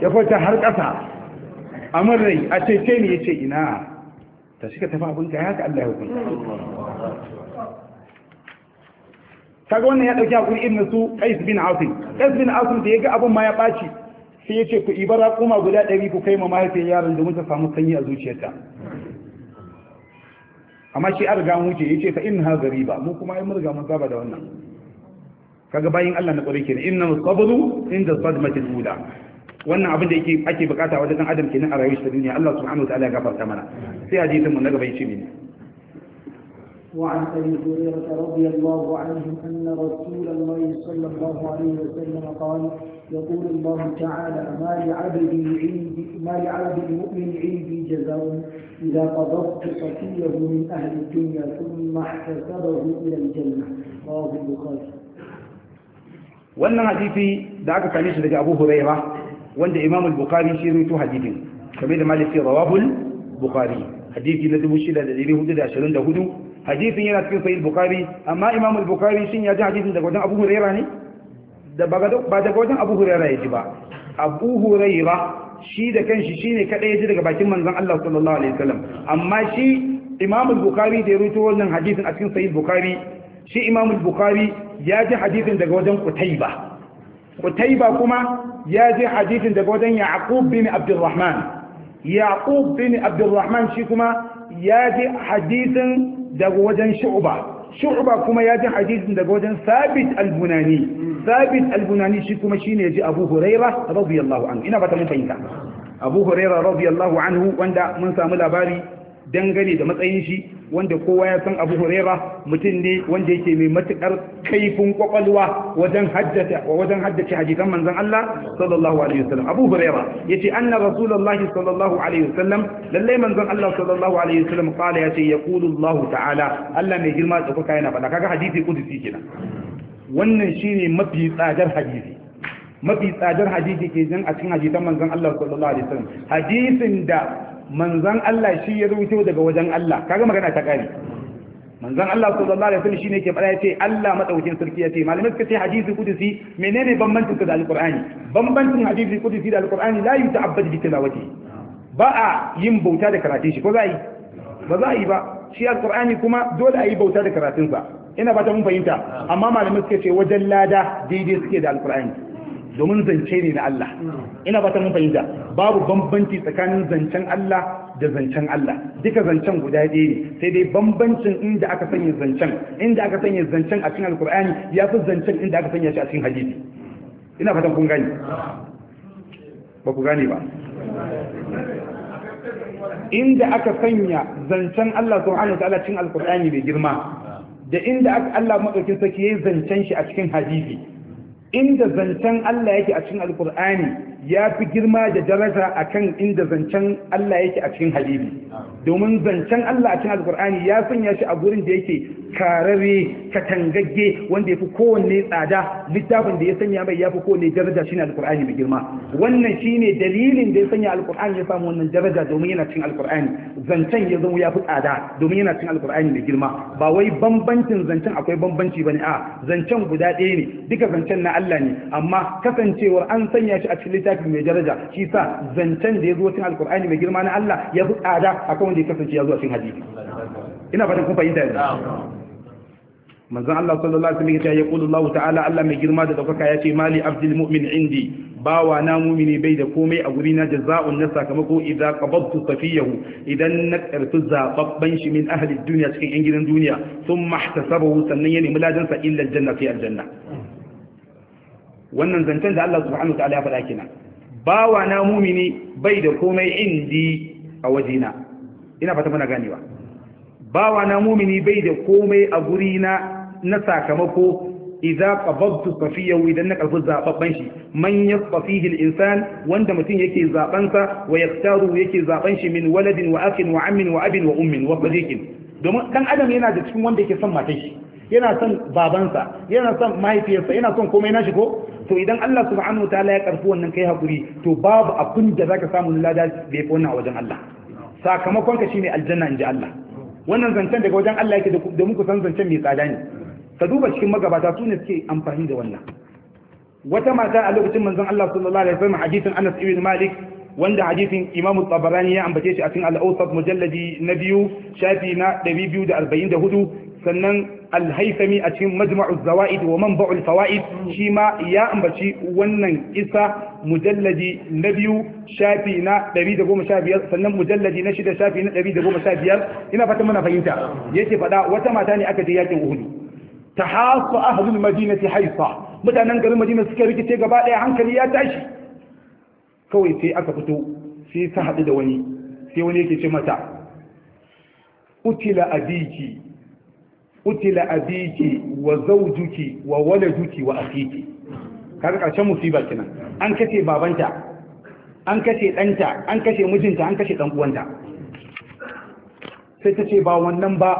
ya kwanta har ƙasa a rai a cece ne ya ce ina ta shi ka tafi abin ka ya ka Allah ya Ta kaga wannan ya dauki hakuri irin su ƙais bin asin ƙais bin asin da ga abin ma ya ɓaci sai ce ku ibara kuma guda ɗari ku kai ma mahaifiyar yaron domin ta samu sanyi a zuciyarta amma shi an riga ya ce yace fa gari ba mu kuma mun riga mun saba da wannan kaga bayin Allah na kware kenan inna sabru inda sadmati al-ula wannan abin da yake ake bukata wajen dan adam kenan a rayuwar duniya Allah subhanahu wa ta'ala ya gafarta mana sai hadisin mu na gaba yace ne وعن أبي هريرة رضي الله عنه أن رسول الله صلى الله عليه وسلم قال يقول الله تعالى ما لعبدي عندي ما لعبد المؤمن عندي جزاء إذا قبضت صفيه من أهل الدنيا ثم احتسبه إلى الجنة رواه البخاري وانا حديثي da aka لك ابو هريره وان امام البخاري Imam al-Bukhari shi مالك hadisin kamar da Malik ya rawahu al-Bukhari hadisin yana cikin sahih bukhari amma imam al-bukhari shin ya ji hadisin daga wajen abu hurairah ne da ba daga wajen abu hurairah ya ji ba abu hurairah shi da kanshi shine kadai ya ji daga bakin manzon Allah sallallahu alaihi wasallam amma shi imam al-bukhari da ya rawaito wannan hadisin a cikin sahih bukhari shi imam al-bukhari ya ji hadisin daga wajen qutayba qutayba kuma ya ji hadisin daga wajen yaqub bin abdurrahman yaqub bin abdurrahman shi kuma ya ji hadisin daga wajen shu'ba shu'ba kuma ya ji hadisin daga wajen sabit albunani bunani albunani al-bunani shi ne shine ji abu huraira radiyallahu anhu ina ta mun fahimta abu huraira radiyallahu anhu wanda mun samu labari dangane da matsayin shi wanda kowa ya san abu huraira mutum ne wanda yake mai matukar kaifin kwakwalwa wajen haddace wajen haddace hadisan manzon Allah sallallahu alaihi wasallam abu huraira yace anna rasulullah sallallahu alaihi wasallam lalle manzon Allah sallallahu alaihi wasallam kala yace yaqulu Allah ta'ala Allah mai girma tsaka yana faɗa kaga hadisi kudusi kenan wannan shine mafi tsadar hadisi mafi tsadar hadisi ke jin a cikin hadisan manzon Allah sallallahu alaihi wasallam hadisin da manzan Allah shi ya rubuto daga wajen Allah kaga magana ta kare manzan Allah sallallahu alaihi wasallam shine ke fara yace Allah madaukin sarki yace malamai suka ce hadisi kudusi menene bambancin da alqur'ani bambancin hadisi kudusi da alqur'ani la yuta'abbad bi tilawati ba a yin bauta da karatun shi ko za a yi ba za a yi ba shi alqur'ani kuma dole a yi bauta da karatun sa ina ba ta mun fahimta amma malamai suka ce wajen lada daidai suke da alqur'ani domin zance ne na Allah ina ba ta mun fahimta babu bambanci tsakanin zancen Allah da zancen Allah duka zancen guda ɗaya ne sai dai bambancin inda aka sanya zancen inda aka sanya zancen a cikin alkur'ani ya fi zancen inda aka sanya shi a cikin hadisi ina fatan kun gane ba ku gane ba inda aka sanya zancen Allah subhanahu wataala cikin alkur'ani mai girma da inda Allah madaukin sarki yayin zancen shi a cikin hadisi inda zancen Allah yake a cikin alkur'ani ya fi girma da daraja akan inda zancen Allah yake a cikin halibi domin zancen Allah a cikin alkur'ani ya sanya shi a gurin da yake kararre katangagge wanda ya fi kowanne tsada littafin da ya sanya mai ya fi kowanne daraja shi ne alkur'ani mai girma wannan shi ne dalilin da ya sanya alkur'ani ya samu wannan daraja domin yana cikin alkur'ani zancen ya zama ya fi tsada domin yana cikin alkur'ani mai girma ba wai bambancin zancen akwai bambanci bane a zancen guda ɗaya ne duka zancen na Allah ne amma kasancewar an sanya shi a cikin littafin littafi mai daraja shi sa zancen da ya zo cin alkur'ani mai girma na Allah ya fi tsada akan wanda ya kasance ya zo cikin hadisi ina fatan kun fahimta yanzu manzon Allah sallallahu alaihi wasallam ya kula Allah ta'ala Allah mai girma da daukaka ya ce mali abdul mu'min indi bawa na mumini bai da komai a guri na jaza'un na sakamako idan qabadtu safiyahu idan na karfi zababban shi min ahli duniya cikin yan gidan duniya sun mahtasabahu sannan ya nemi ladan sa illa aljanna fi aljanna wannan zancen da Allah subhanahu ta'ala ya faɗa kenan bawa na mumini bai da komai indi a wajena ina fata mana ganewa bawa na mumini bai da komai a guri na na sakamako idza qabadtu idan na karfi zababban shi man yasfihi al-insan wanda mutum yake zaban sa wa yaktaru yake zaban shi min waladin wa wa ammin wa abin wa ummin wa sadiqin domin dan adam yana da cikin wanda yake son matar shi yana son babansa yana son mahaifiyarsa yana son komai shi ko to idan Allah subhanahu ta'ala ya karfi wannan kai hakuri to babu abin da zaka samu lada da ya fona wajen Allah sakamakon ka shine aljanna inji Allah wannan zancen daga wajen Allah yake da muku san zancen mai tsada ne ka duba cikin magabata su ne suke amfani da wannan wata mata a lokacin manzon Allah sallallahu alaihi wasallam hadisin Anas ibn Malik wanda hadisin Imam Tabarani ya ambace shi a cikin Al-Awsat mujalladi na biyu shafi na 244 sannan alhaisami a cikin majma'ul zawa'id wa manba'ul fawaid shi ma ya ambaci wannan isa mujalladi na biyu shafi na 115 sannan mujalladi na shida shafi na 115 ina fatan muna fahimta yake fada wata mata ne aka je yakin uhudu tahasu ahlul madinati haifa mutanen garin madina suka rikice gaba daya hankali ya tashi kawai sai aka fito sai ta haɗu da wani sai wani yake ce mata utila abiki utila abiki wa zawjuki wa waladuki wa akiki kaga karshen musiba kenan an kace babanta an kace danta an kace mijinta an kace dan uwanta sai tace ba wannan ba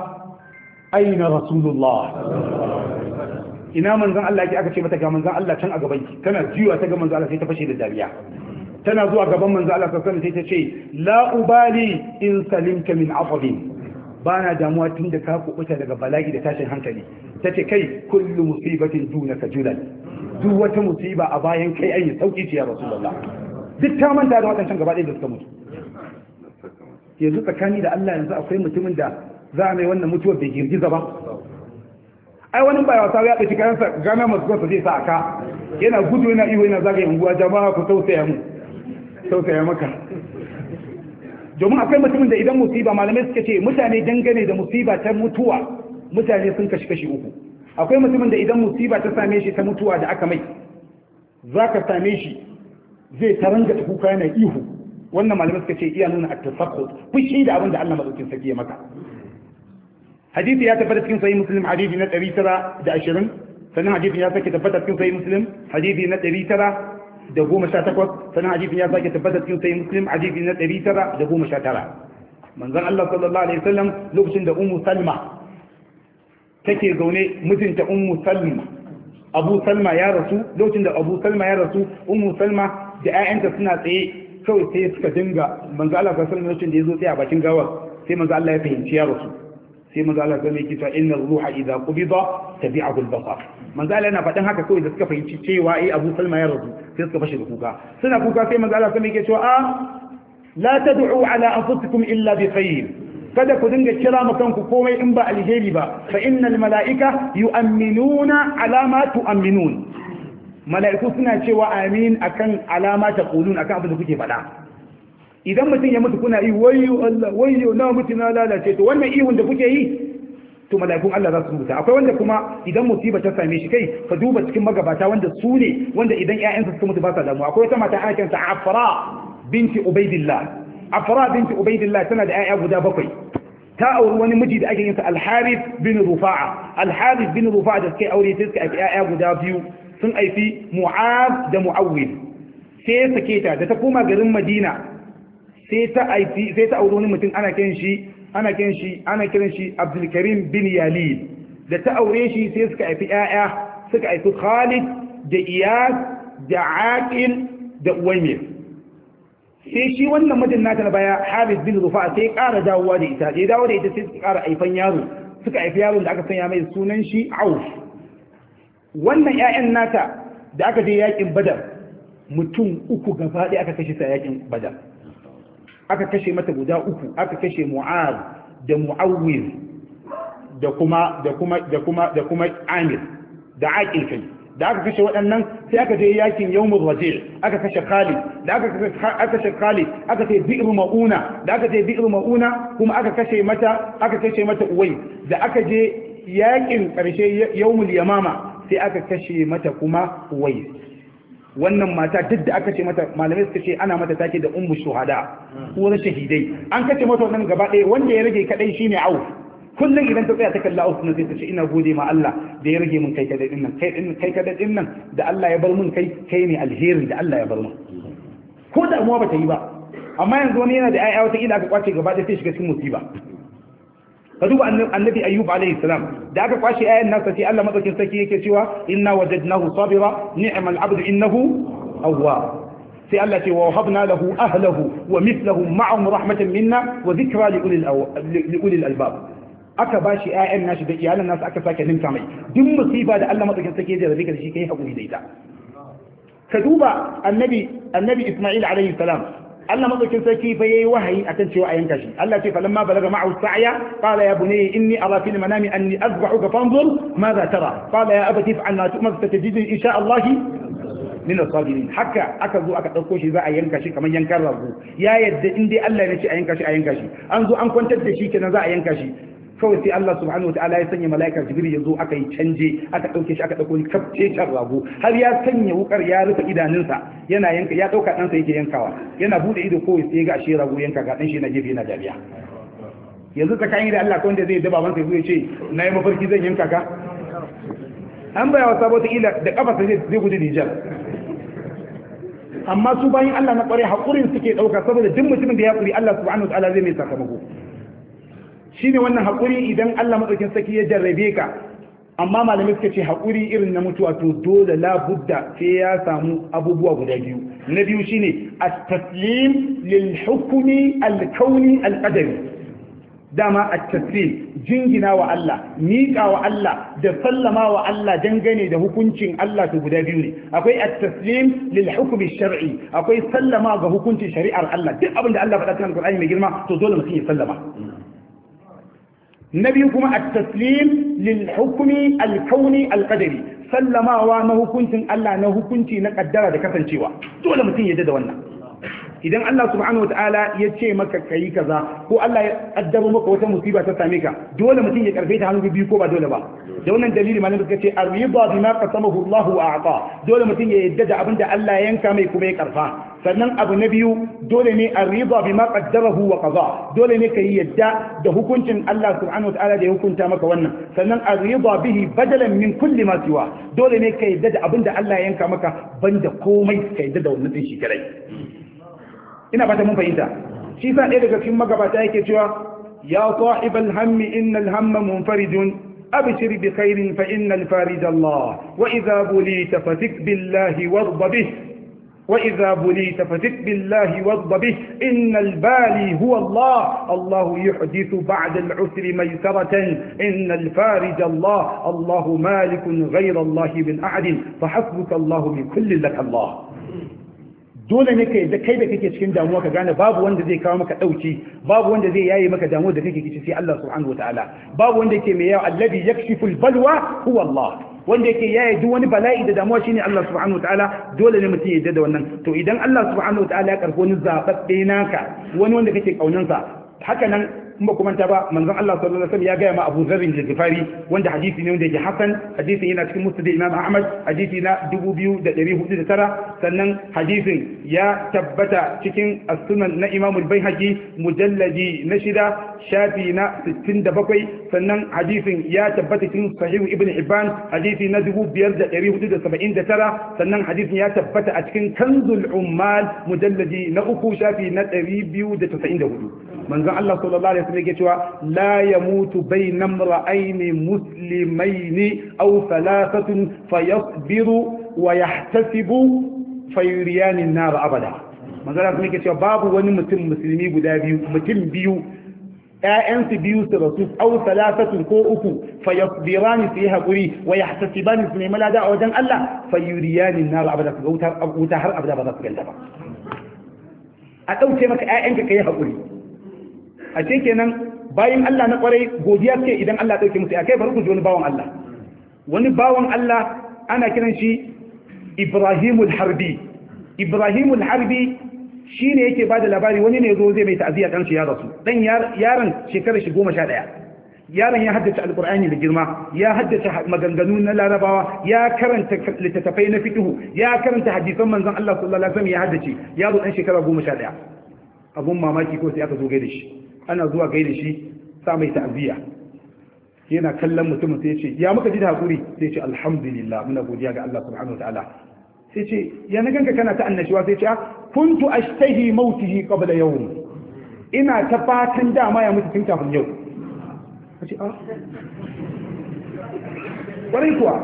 aina rasulullah ina manzon Allah yake aka ce mata ga manzon Allah can a gaban ki tana jiwa ta ga manzon Allah sai ta fashe da dariya tana zuwa gaban manzon Allah sallallahu sai ta ce la ubali in salimta min afdin ba na damuwa tun da ka kuɓuta daga bala'i da tashin hankali ta ce kai kullu musibatin duna ka julal duk wata musiba a bayan kai ayi sauki ce ya rasulullah duk ta manta da can gaba ɗaya da suka mutu yanzu tsakani da Allah yanzu akwai mutumin da za a mai wannan mutuwar bai girgiza ba ai wani ba wasa ya ɗauki kayansa gama masu gwasa zai sa aka yana gudu yana ihu yana zagaye unguwa jama'a ku tausaya mu tausaya maka domin akwai mutumin da idan musiba malamai suka ce mutane dangane da musiba ta mutuwa mutane sun kashi kashi uku akwai mutumin da idan musiba ta same shi ta mutuwa da aka mai za ka same shi zai taranga ta kuka yana ihu wannan malamai suka ce iya nuna at-tafaqqud fushi da abin da Allah madaukin sarki ya maka hadisi ya tabbata cikin sayi muslim hadisi na 920 sannan hadisi ya sake tabbata cikin sayi muslim hadisi na 900 da goma sha takwas sannan hadisin ya sake tabbata cikin sai muslim hadisi na ɗari tara da goma sha tara manzon Allah sallallahu alaihi wasallam lokacin da ummu salma take zaune mutunta ummu salma abu salma ya rasu lokacin da abu salma ya rasu ummu salma da ƴaƴanta suna tsaye kawai sai suka dinga manzon Allah sallallahu alaihi wasallam lokacin da zo tsaye a bakin gawar sai manzon Allah ya fahimci ya rasu sai manzo Allah zai yake cewa inna ruha idza qubida tabi'ahu al-basar manzo yana faɗin haka kawai da suka fahimci cewa eh Abu Salma ya rasu sai suka fashe da kuka suna kuka sai manzo Allah zai yake cewa a ah, la tad'u ala anfusikum illa bi khair kada ku dinga kira ma kanku komai in ba alheri ba fa innal mala'ika yu'minuna ala ma tu'minun mala'iku suna cewa amin akan alama ta taqulun akan abin da kuke faɗa idan mutum ya mutu kuna yi wayyo Allah na mutu na lalace to wannan ihun da kuke yi to mala'ikun Allah za su rubuta akwai wanda kuma idan musiba ta same shi kai ka duba cikin magabata wanda su ne wanda idan ƴaƴansa suka mutu ba sa damu akwai wata mata aikin ta Afra binti Ubaidillah Afra binti Ubaidillah tana da ƴaƴa guda bakwai ta auri wani miji da ake yin sa Al-Harith bin Rufa'a Al-Harith bin Rufa'a da suka aure sai suka aifi ƴaƴa guda biyu sun aifi Mu'az da Mu'awwid sai sake ta da ta koma garin Madina sai ta aiki sai ta auri wani mutum ana kiran shi ana kiran shi ana kiran shi Abdul bin Yalid da ta aure shi sai suka aifi ƴaƴa suka haifi Khalid da iyas da Aqil da Uwaymir sai shi wannan mutum nata na baya Habib bin Rufa sai ƙara dawowa da ita sai dawo da ita sai suka ƙara aifan yaro suka aifi yaron da aka sanya mai sunan shi Auf wannan 'ya'yan nata da aka je yakin Badar mutum uku gaba ɗaya aka kashe sa yakin Badar aka kashe mata guda uku aka kashe mu'az da mu'awwiz da kuma da kuma da kuma da kuma amir da aqil kai da aka kashe waɗannan sai aka je yakin yawmul raji' aka kashe Khalid da aka kashe aka kashe Khalid aka ce bi'r mauna da aka ce bi'r mauna kuma aka kashe mata aka kashe mata uwai da aka je yakin karshe yawmul yamama sai aka kashe mata kuma uwai wannan mata duk da aka ce mata malamai suka ce ana mata take da ummu shuhada uwar shahidai an kace mata wannan gaba ɗaya wanda ya rage kadai shine au kullum idan ta tsaya ta kalla auf sai ta ce ina gode ma Allah da ya rage mun kai kadai din nan kai din kai kadai din nan da Allah ya bar mun kai kai ne alheri da Allah ya bar mun ko da amma ta yi ba amma yanzu wani yana da ayyawa ta ila aka kwace gaba ɗaya sai shiga cikin musiba ka duba annabi ayyub alaihi salam da aka kwashi ayan nasa sai Allah madaukin sarki yake cewa inna wajadnahu sabira ni'mal abdu innahu awwab sai Allah ce wa habna lahu ahlahu wa mithlahum ma'ahum rahmatan minna wa dhikra li ulil albab aka bashi shi ƴaƴan nashi da iyalan nasu aka sake ninka mai duk musiba da Allah madaukin sarki ya rabe ka da shi kai hakuri da ita ka duba annabi annabi Isma'il alaihi salam Allah madaukin sarki fa yayi wahayi akan cewa a yanka shi Allah ce falamma balaga ma'ahu sa'ya qala ya bunayya inni ara fil manami anni azbahuka fanzur madha tara qala ya abati fa'al ma tu'mar satajidni insha Allah min as-sabirin haka aka zo aka dauko shi za a yanka shi kamar yankan rago ya yadda in dai Allah ya ce a yanka shi a yanka shi an zo an kwantar da shi kenan za a yanka shi kawai sai Allah subhanahu wataala ya sanya malaika jibril yazo aka yi canje aka dauke shi aka dauko kafce can rago har ya sanya wukar ya rufe idanunsa yana yanka ya dauka ɗansa yake yankawa yana bude ido kawai sai ga shi rago yanka ga dan shi na gefe yana jariya yanzu tsakanin da Allah kawai wanda zai daba babansa zai ce na yi mafarki zan yanka ka an baya wa sabota ila da kafa zai gudu Nijar amma su bayan Allah na kware hakurin suke dauka saboda duk mutumin da ya kuri Allah subhanahu wata'ala zai mai sakamako shine wannan haƙuri idan Allah madaukin saki ya jarrabe ka amma malami suka ce haƙuri irin na mutuwa to dole labudda sai ya samu abubuwa guda biyu na biyu shine at-taslim lil hukmi al-kauni al-qadari dama at-taslim jingina wa Allah miƙa wa Allah da sallama wa Allah dangane da hukuncin Allah to guda biyu ne akwai at-taslim lil hukmi shar'i akwai sallama ga hukuncin shari'ar Allah duk abin da Allah faɗa cikin Qur'ani mai girma to dole mutum ya sallama na biyu kuma a taslim lil hukumi alkauni alkadari sallamawa na hukuncin Allah na hukunci na kaddara da kasancewa dole mutum ya da wannan idan Allah subhanahu ta'ala ya ce maka yi kaza ko Allah ya addaba maka wata musiba ta same ka dole mutum ya karfe ta hannu biyu ko ba dole ba da wannan dalili malamin suka ce arriba bima qasamahu Allah wa a'ta dole mutum ya yadda da abinda Allah ya yanka mai kuma ya karfa sannan abu na biyu dole ne arriba bima qaddarahu wa qada dole ne kai yadda da hukuncin Allah subhanahu ta'ala da ya hukunta maka wannan sannan arriba bihi badalan min kulli ma siwa dole ne kai yadda da abinda Allah ya yanka maka banda komai kai yadda da wannan din shi kadai ina fata mun fahimta shi sa ɗaya daga cikin magabata yake cewa ya sahibal hammi innal hamma munfaridun abshir bi khairin fa innal farij Allah wa idha bulita fatik billahi warda bih wa idha bulita fatik billahi warda bih innal bali huwa Allah Allah yuhdithu ba'da al-usri maysaratan innal farij Allah Allah malikun ghayra Allah bin ahad fa hasbuka Allah bi kulli lak Allah dole ne ka da kai da kake cikin damuwa ka gane babu wanda zai kawo maka dauki babu wanda zai yaye maka damuwa da kake kici sai Allah subhanahu wataala babu wanda yake mai yawa alladhi yakshifu albalwa huwa Allah wanda yake yaye duk wani bala'i da damuwa shine Allah subhanahu wataala dole ne mutum ya yadda da wannan to idan Allah subhanahu wataala ya karbo wani zababbe naka wani wanda kake kaunansa haka nan in kuma ta ba manzon Allah sallallahu alaihi wasallam ya gaya ma Abu Dharr al-Ghifari wanda hadisi ne wanda yake hasan hadisin yana cikin Musnad Imam Ahmad hadisi na 2409 sannan hadisin ya tabbata cikin as-Sunan na Imam al-Baihaqi mujalladi na shida shafi na 67 sannan hadisin ya tabbata cikin Sahih Ibn Hibban hadisi na 5479 sannan hadisin ya tabbata a cikin Kanzul Ummal mujalladi na uku shafi na 294 manzon Allah sallallahu alaihi alaihi wasallam yake cewa la yamutu bayna ra'aini muslimaini aw thalathatun fayasbiru wa yahtasibu fayuriyani nar abada manzara kuma yake cewa babu wani mutum musulmi guda biyu mutum biyu ƴaƴansu biyu su rasu, au salasatun ko uku, fayasbirani su yi haƙuri, wa ya hasasibani su nemi lada a wajen Allah, fayuriyani na abada su ga wuta har abada ba za su ganda ba. A ɗauke maka ƴaƴanka ka yi haƙuri, a ce kenan bayan Allah na kwarai godiya ce idan Allah ɗauke musu akai bari ku ji wani bawan Allah wani bawan Allah ana kiran shi Ibrahimul Harbi Ibrahimul Harbi ne yake bada labari wani ne zo zai mai ta'aziyya dan shi ya rasu ɗan yaron shekarar shi ɗaya, yaron ya haddace alkur'ani da girma ya haddace maganganu na larabawa ya karanta littattafai na fituhu ya karanta hadisan manzon Allah sallallahu alaihi wasallam ya haddace yaro dan shekara ɗaya, abun mamaki ko sai aka zo gaida shi ana zuwa gaida shi sa mai ta'aziyya yana kallon mutumin sai ce ya muka ji da hakuri sai ce alhamdulillah muna godiya ga Allah subhanahu wataala sai ce ya na ganka kana ta annashuwa sai ce ah, kuntu ashtahi mautihi qabla yawm ina ta fatan dama ya mutu kafin yau a ah. kwarai kuwa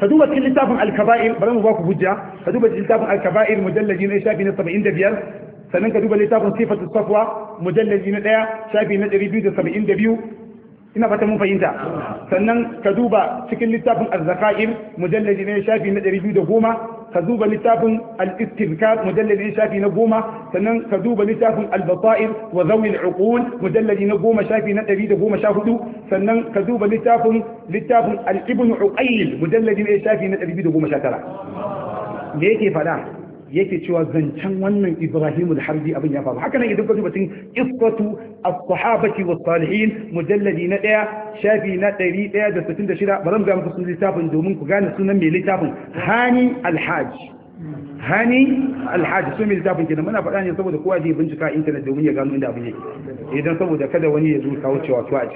ka duba cikin littafin alkaba'ir bari mu ba ku hujja ka duba cikin littafin alkaba'ir mujallaji na shafi na 75 sannan ka duba littafin sifatu safwa mujallaji na ɗaya shafi na ɗari biyu da saba'in da biyu ina fata mun fahimta sannan ka duba cikin littafin azzaka'ir mujallaji na shafi na ɗari biyu da goma ka duba littafin al-istizkar mujalladi na shafi na goma sannan ka duba littafin al-basair wa zawi al-uqul mujalladi na goma shafi na ɗari da goma sha hudu sannan ka duba littafin littafin al-ibn uqayl mujalladi na shafi na ɗari da goma sha tara me yake faɗa? yake cewa zancen wannan Ibrahim al-Harbi abin ya faru haka nan idan kaji batun isqatu as-sahabati was-salihin mujalladi na daya shafi na da 166 bari mu ga muku sunan littafin domin ku gane sunan mai littafin Hani alhaji Hani alhaji hajj mai littafin kenan muna faɗa ne saboda kowa zai bincika intanet domin ya gano inda abin yake idan eh, saboda kada wani ya zo kawo cewa to a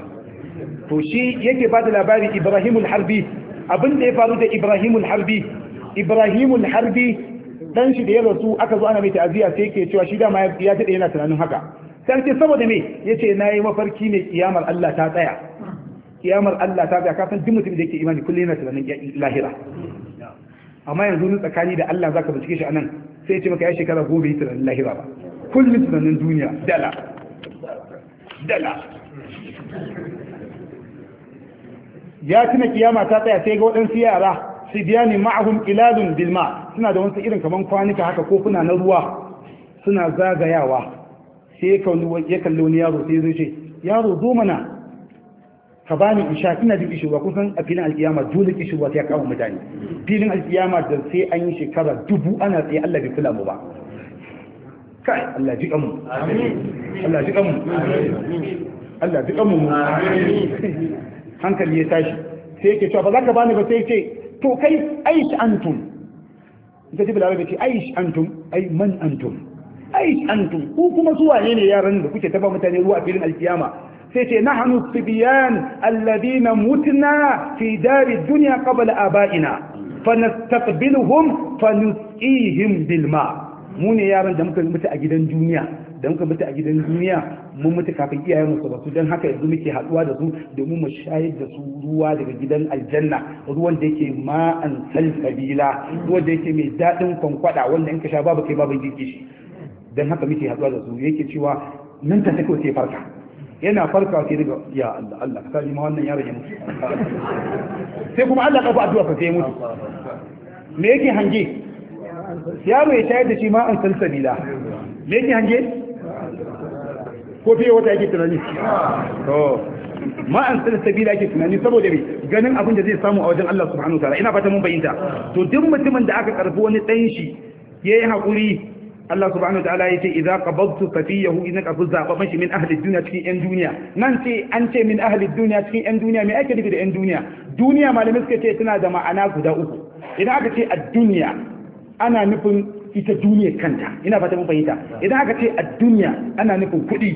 to shi yake bada labari ibrahimul harbi abin da ya faru da ibrahimul harbi ibrahimul harbi dan shi da ya rasu aka zo ana mai ta'aziyya sai yake cewa shi dama ya dade yana tunanin haka sai ce saboda me yace nayi mafarki ne kiyamar Allah ta tsaya kiyamar Allah ta tsaya kafin duk mutum da yake imani kullum yana tunanin lahira amma yanzu ni tsakani da Allah zaka bincike shi anan sai ce maka ya shekara gobe yi tunanin lahira ba kullum tunanin duniya dala dala ya tuna kiyama ta tsaya sai ga waɗansu yara sidiyani ma'ahum iladun bilma suna da wasu irin kaman kwanika haka ko kuna na ruwa suna zagayawa sai ya kalli wani yaro sai zai ce yaro zo mana ka bani in sha ina jin kishirwa kusan a filin alkiyama dole kishirwa ta kawo mutane filin alkiyama da sai an yi shekara dubu ana tsaye Allah bai kula mu ba kai Allah ji kanmu Allah ji kanmu Allah ji kanmu hankali ya tashi sai yake cewa ba za ka bani ba sai ce to kai aish antum ita ce bilawai ce aish antum ai man antum aish antum ku kuma su waye ne yaran da kuke taba mutane ruwa a filin alkiyama sai ce nahnu sibiyan alladina mutna fi dari dunya qabla abaina fanastaqbiluhum fanusqihim mu ne yaran da muka mutu a gidan duniya da muka mutu a gidan duniya mun mutu kafin iyayen mu su don haka yanzu muke haɗuwa da su domin mu shayar da su ruwa daga gidan aljanna ruwan da yake ma'an salsabila ruwan da yake mai daɗin kwankwada wanda in ka sha babu kai babu jirgi shi don haka muke haɗuwa da su yake cewa nan ta take sai farka yana farka sai daga ya Allah Allah ka ji ma wannan yaron ya mutu sai kuma Allah kafa addu'a fa ya mutu me yake hange yaro ya shayar da shi ma an san salsabila me yake hange ko fiye wata yake tunani to ma an sanar sabila yake tunani saboda me ganin abin da zai samu a wajen Allah subhanahu wataala ina fata mun bayyana to duk mutumin da aka karbi wani dan shi yayi hakuri Allah subhanahu wataala yace idza qabadtu safiyahu in ka fi zababan shi min ahli dunya cikin yan duniya nan ce an ce min ahli dunya cikin yan duniya me ake nufi da yan duniya duniya malamai suka ce tana da ma'ana guda uku idan aka ce ad-dunya ana nufin ita duniya kanta ina fata mun fahimta idan aka ce ad-dunya ana nufin kuɗi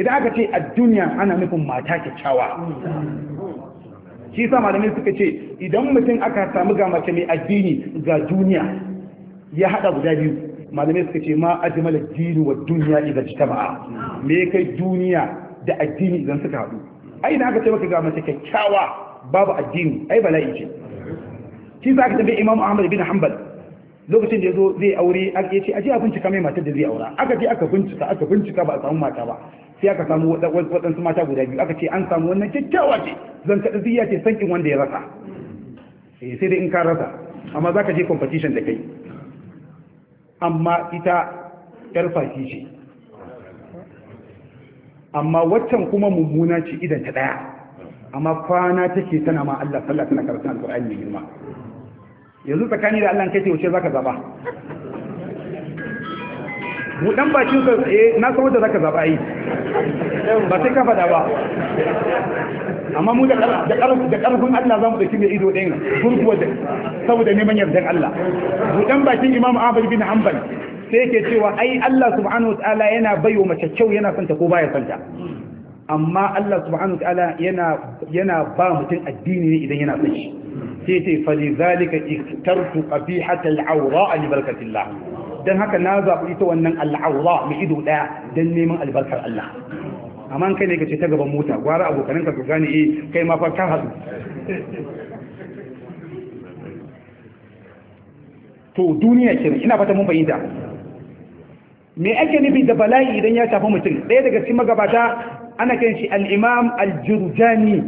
idan aka ce a duniya ana nufin mata kyakkyawa shi sa malamai suka ce idan mutum aka samu ga mace mai addini ga duniya ya haɗa guda biyu malamai suka ce ma ajmal ad-dinu wa duniya idan jitama me kai duniya da addini idan suka hadu ai idan aka ce maka ga mace kyakkyawa babu addini ai bala'i ce shi sa aka tambaye Imam Ahmad bin Hanbal lokacin da ya zo zai aure aka ce a ce a bincika mai matar da zai aura aka ce aka bincika aka bincika ba a samu mata ba sai aka samu waɗansu mata guda biyu aka ce an samu wannan kyakkyawa ce zan kaɗa ziyya ce sankin wanda ya rasa eh, sai dai in ka rasa amma za ka je competition da kai amma ita yar ce amma waccan kuma mummuna ce idan ta ɗaya amma kwana take tana ma Allah sallah tana karatun alƙur'ani mai girma yanzu tsakani da Allah kai ce za zaka zaba buɗan bakin ka eh na san wanda zaka zaba yi ba sai ka faɗa ba amma mu da karfin Allah zamu mu ɗauki ido ɗin gurguwa da saboda neman yardan Allah buɗan bakin Imam Ahmad bin Hanbal sai yake cewa ai Allah subhanahu wataala yana baiwa mace kyau yana santa ko baya santa amma Allah subhanahu wataala yana yana ba mutum addini ne idan yana son shi sai ce fa lidhalika iktartu qabihatal awra li barakatillah don haka na zaɓi ita wannan al'aura mai ido ɗaya don neman albarkar Allah amma kai ne ka ta gaban mota gwara abokanin ka su gane eh kai ma farka hasu to duniya kenan ina fata mun fahimta me ake nufi da bala'i idan ya shafi mutum ɗaya daga cikin magabata ana kiran shi al-imam al-jurjani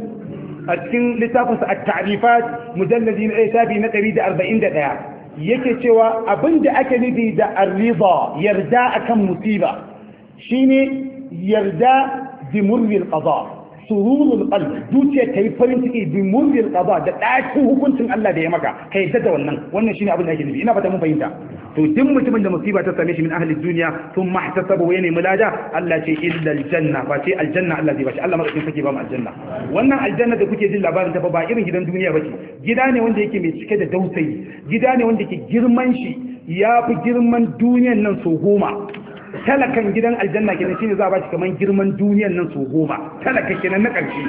a cikin littafinsa at-ta'rifat mujalladi na shafi na 141 yake cewa abin da ake nufi da arriba yarda akan musiba shine yarda bi murri al sururul qalb zuciya ta yi farin ciki bi munzil qada da dakin hukuncin Allah da ya maka ka yadda da wannan wannan shine abin da ake nufi ina fata mun fahimta to duk mutumin da musiba ta same shi min ahli dunya thumma ihtasabu ya nemi lada Allah ce illa aljanna ba ce aljanna Allah zai ba shi Allah madaukin sake ba mu aljanna wannan aljanna da kuke jin labarin ta ba irin gidan duniya bace gida ne wanda yake mai cike da dausayi gida ne wanda ke girman shi ya fi girman duniyan nan so goma talakan gidan aljanna kenan shine za a bashi kaman girman duniyar nan su goma talaka kenan na ƙarshe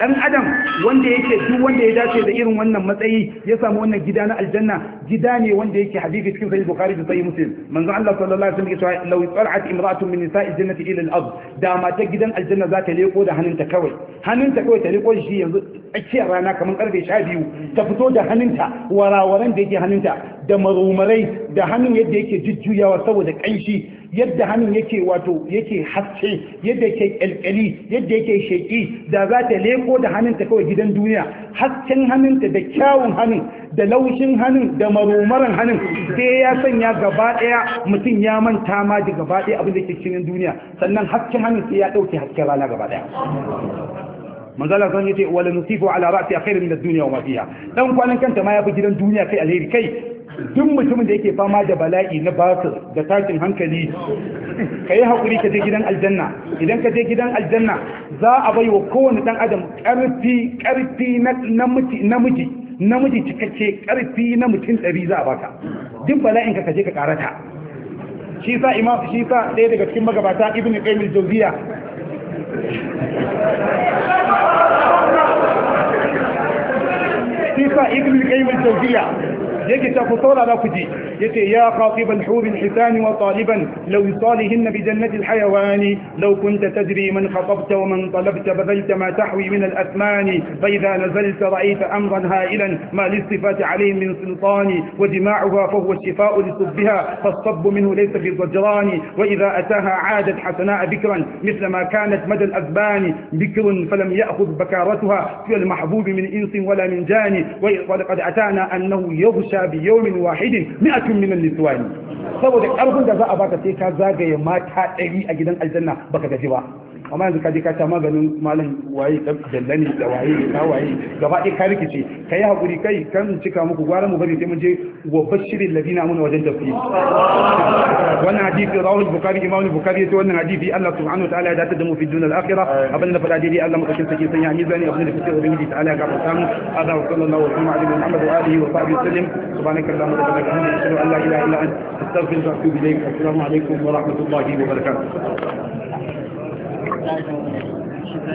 dan adam wanda yake duk wanda ya dace da irin wannan matsayi ya samu wannan gida na aljanna gida ne wanda yake hadisi cikin sahih bukhari da sahih muslim manzo Allah sallallahu alaihi wasallam ya ce law tal'at imra'atun min nisa'i jannati ila al-ard da mata gidan aljanna za ta leko da hannunta kawai hannunta kawai ta leko shi yanzu tsakiyar rana kamar karfe 12 ta fito da hannunta warawaran da yake hannunta da marumarai da hannun yadda yake jujjuyawa saboda kanshi yadda hannun yake wato yake haske yadda yake kyalkyali yadda yake sheki da za ta leko da hannunta kawai gidan duniya hasken hannunta da kyawun hannun da laushin hannun da marumaran hannun sai ya sanya gaba daya mutum ya manta ma da gaba daya abin da yake cikin duniya sannan hasken hannun sai ya dauke hasken rana gaba daya manzala zan yace wala nusifu ala ra'si khairin min ad-dunya wa ma fiha dan kwanan kanta ma yafi gidan duniya kai alheri kai duk mutumin da yake fama da bala'i na basir da tashin hankali ka yi haƙuri ka je gidan aljanna idan ka je gidan aljanna za a bai wa kowane ɗan adam ƙarfi ƙarfi namiji namiji cikakke ƙarfi na mutum ɗari za a baka duk bala'in ka kaje ka ƙarata shi sa imam shi sa ɗaya daga cikin magabata ibn qayyim al-jawziya shi sa ibn qayyim jawziya يجي تفطال على فدي يجي يا خاطب الحوب الحسان وطالبا لو يصالهن بجنة الحيوان لو كنت تدري من خطبت ومن طلبت بذلت ما تحوي من الأثمان فإذا نزلت رأيت أمرا هائلا ما للصفات عليه من سلطان ودماعها فهو الشفاء لصبها فالصب منه ليس في الضجران وإذا أتاها عادت حسناء بكرا مثل ما كانت مدى الأذبان بكر فلم يأخذ بكارتها في المحبوب من إنس ولا من جان ولقد أتانا أنه يغشى sha bi yawmin wahidin mi'atun min al-niswani saboda karfin da za a baka sai ka zagaye mata 100 a gidan aljanna baka gaji ba amma yanzu ka je ka ta maganin malam waye da dallani da waye da waye gaba ɗaya ka rikice kai hakuri kai kan cika muku gwara mu bari sai mun je wa bashirin ladina mun wajen tafsiri wannan hadisi rawahu bukari imam ya yace wannan hadisi Allah subhanahu wa ta'ala ya dace da mu fi dunya al-akhirah abin da fada daidai Allah mutakin sake sanya zani abin da da ubangiji ta'ala ga gafarta mu hada wa sallallahu wa sallam ala muhammad wa alihi wa sahbihi sallam subhanaka allahumma wa bihamdika ashhadu an la ilaha illa anta astaghfiruka wa atubu ilayk assalamu alaikum wa rahmatullahi wa barakatuh 再说，你去。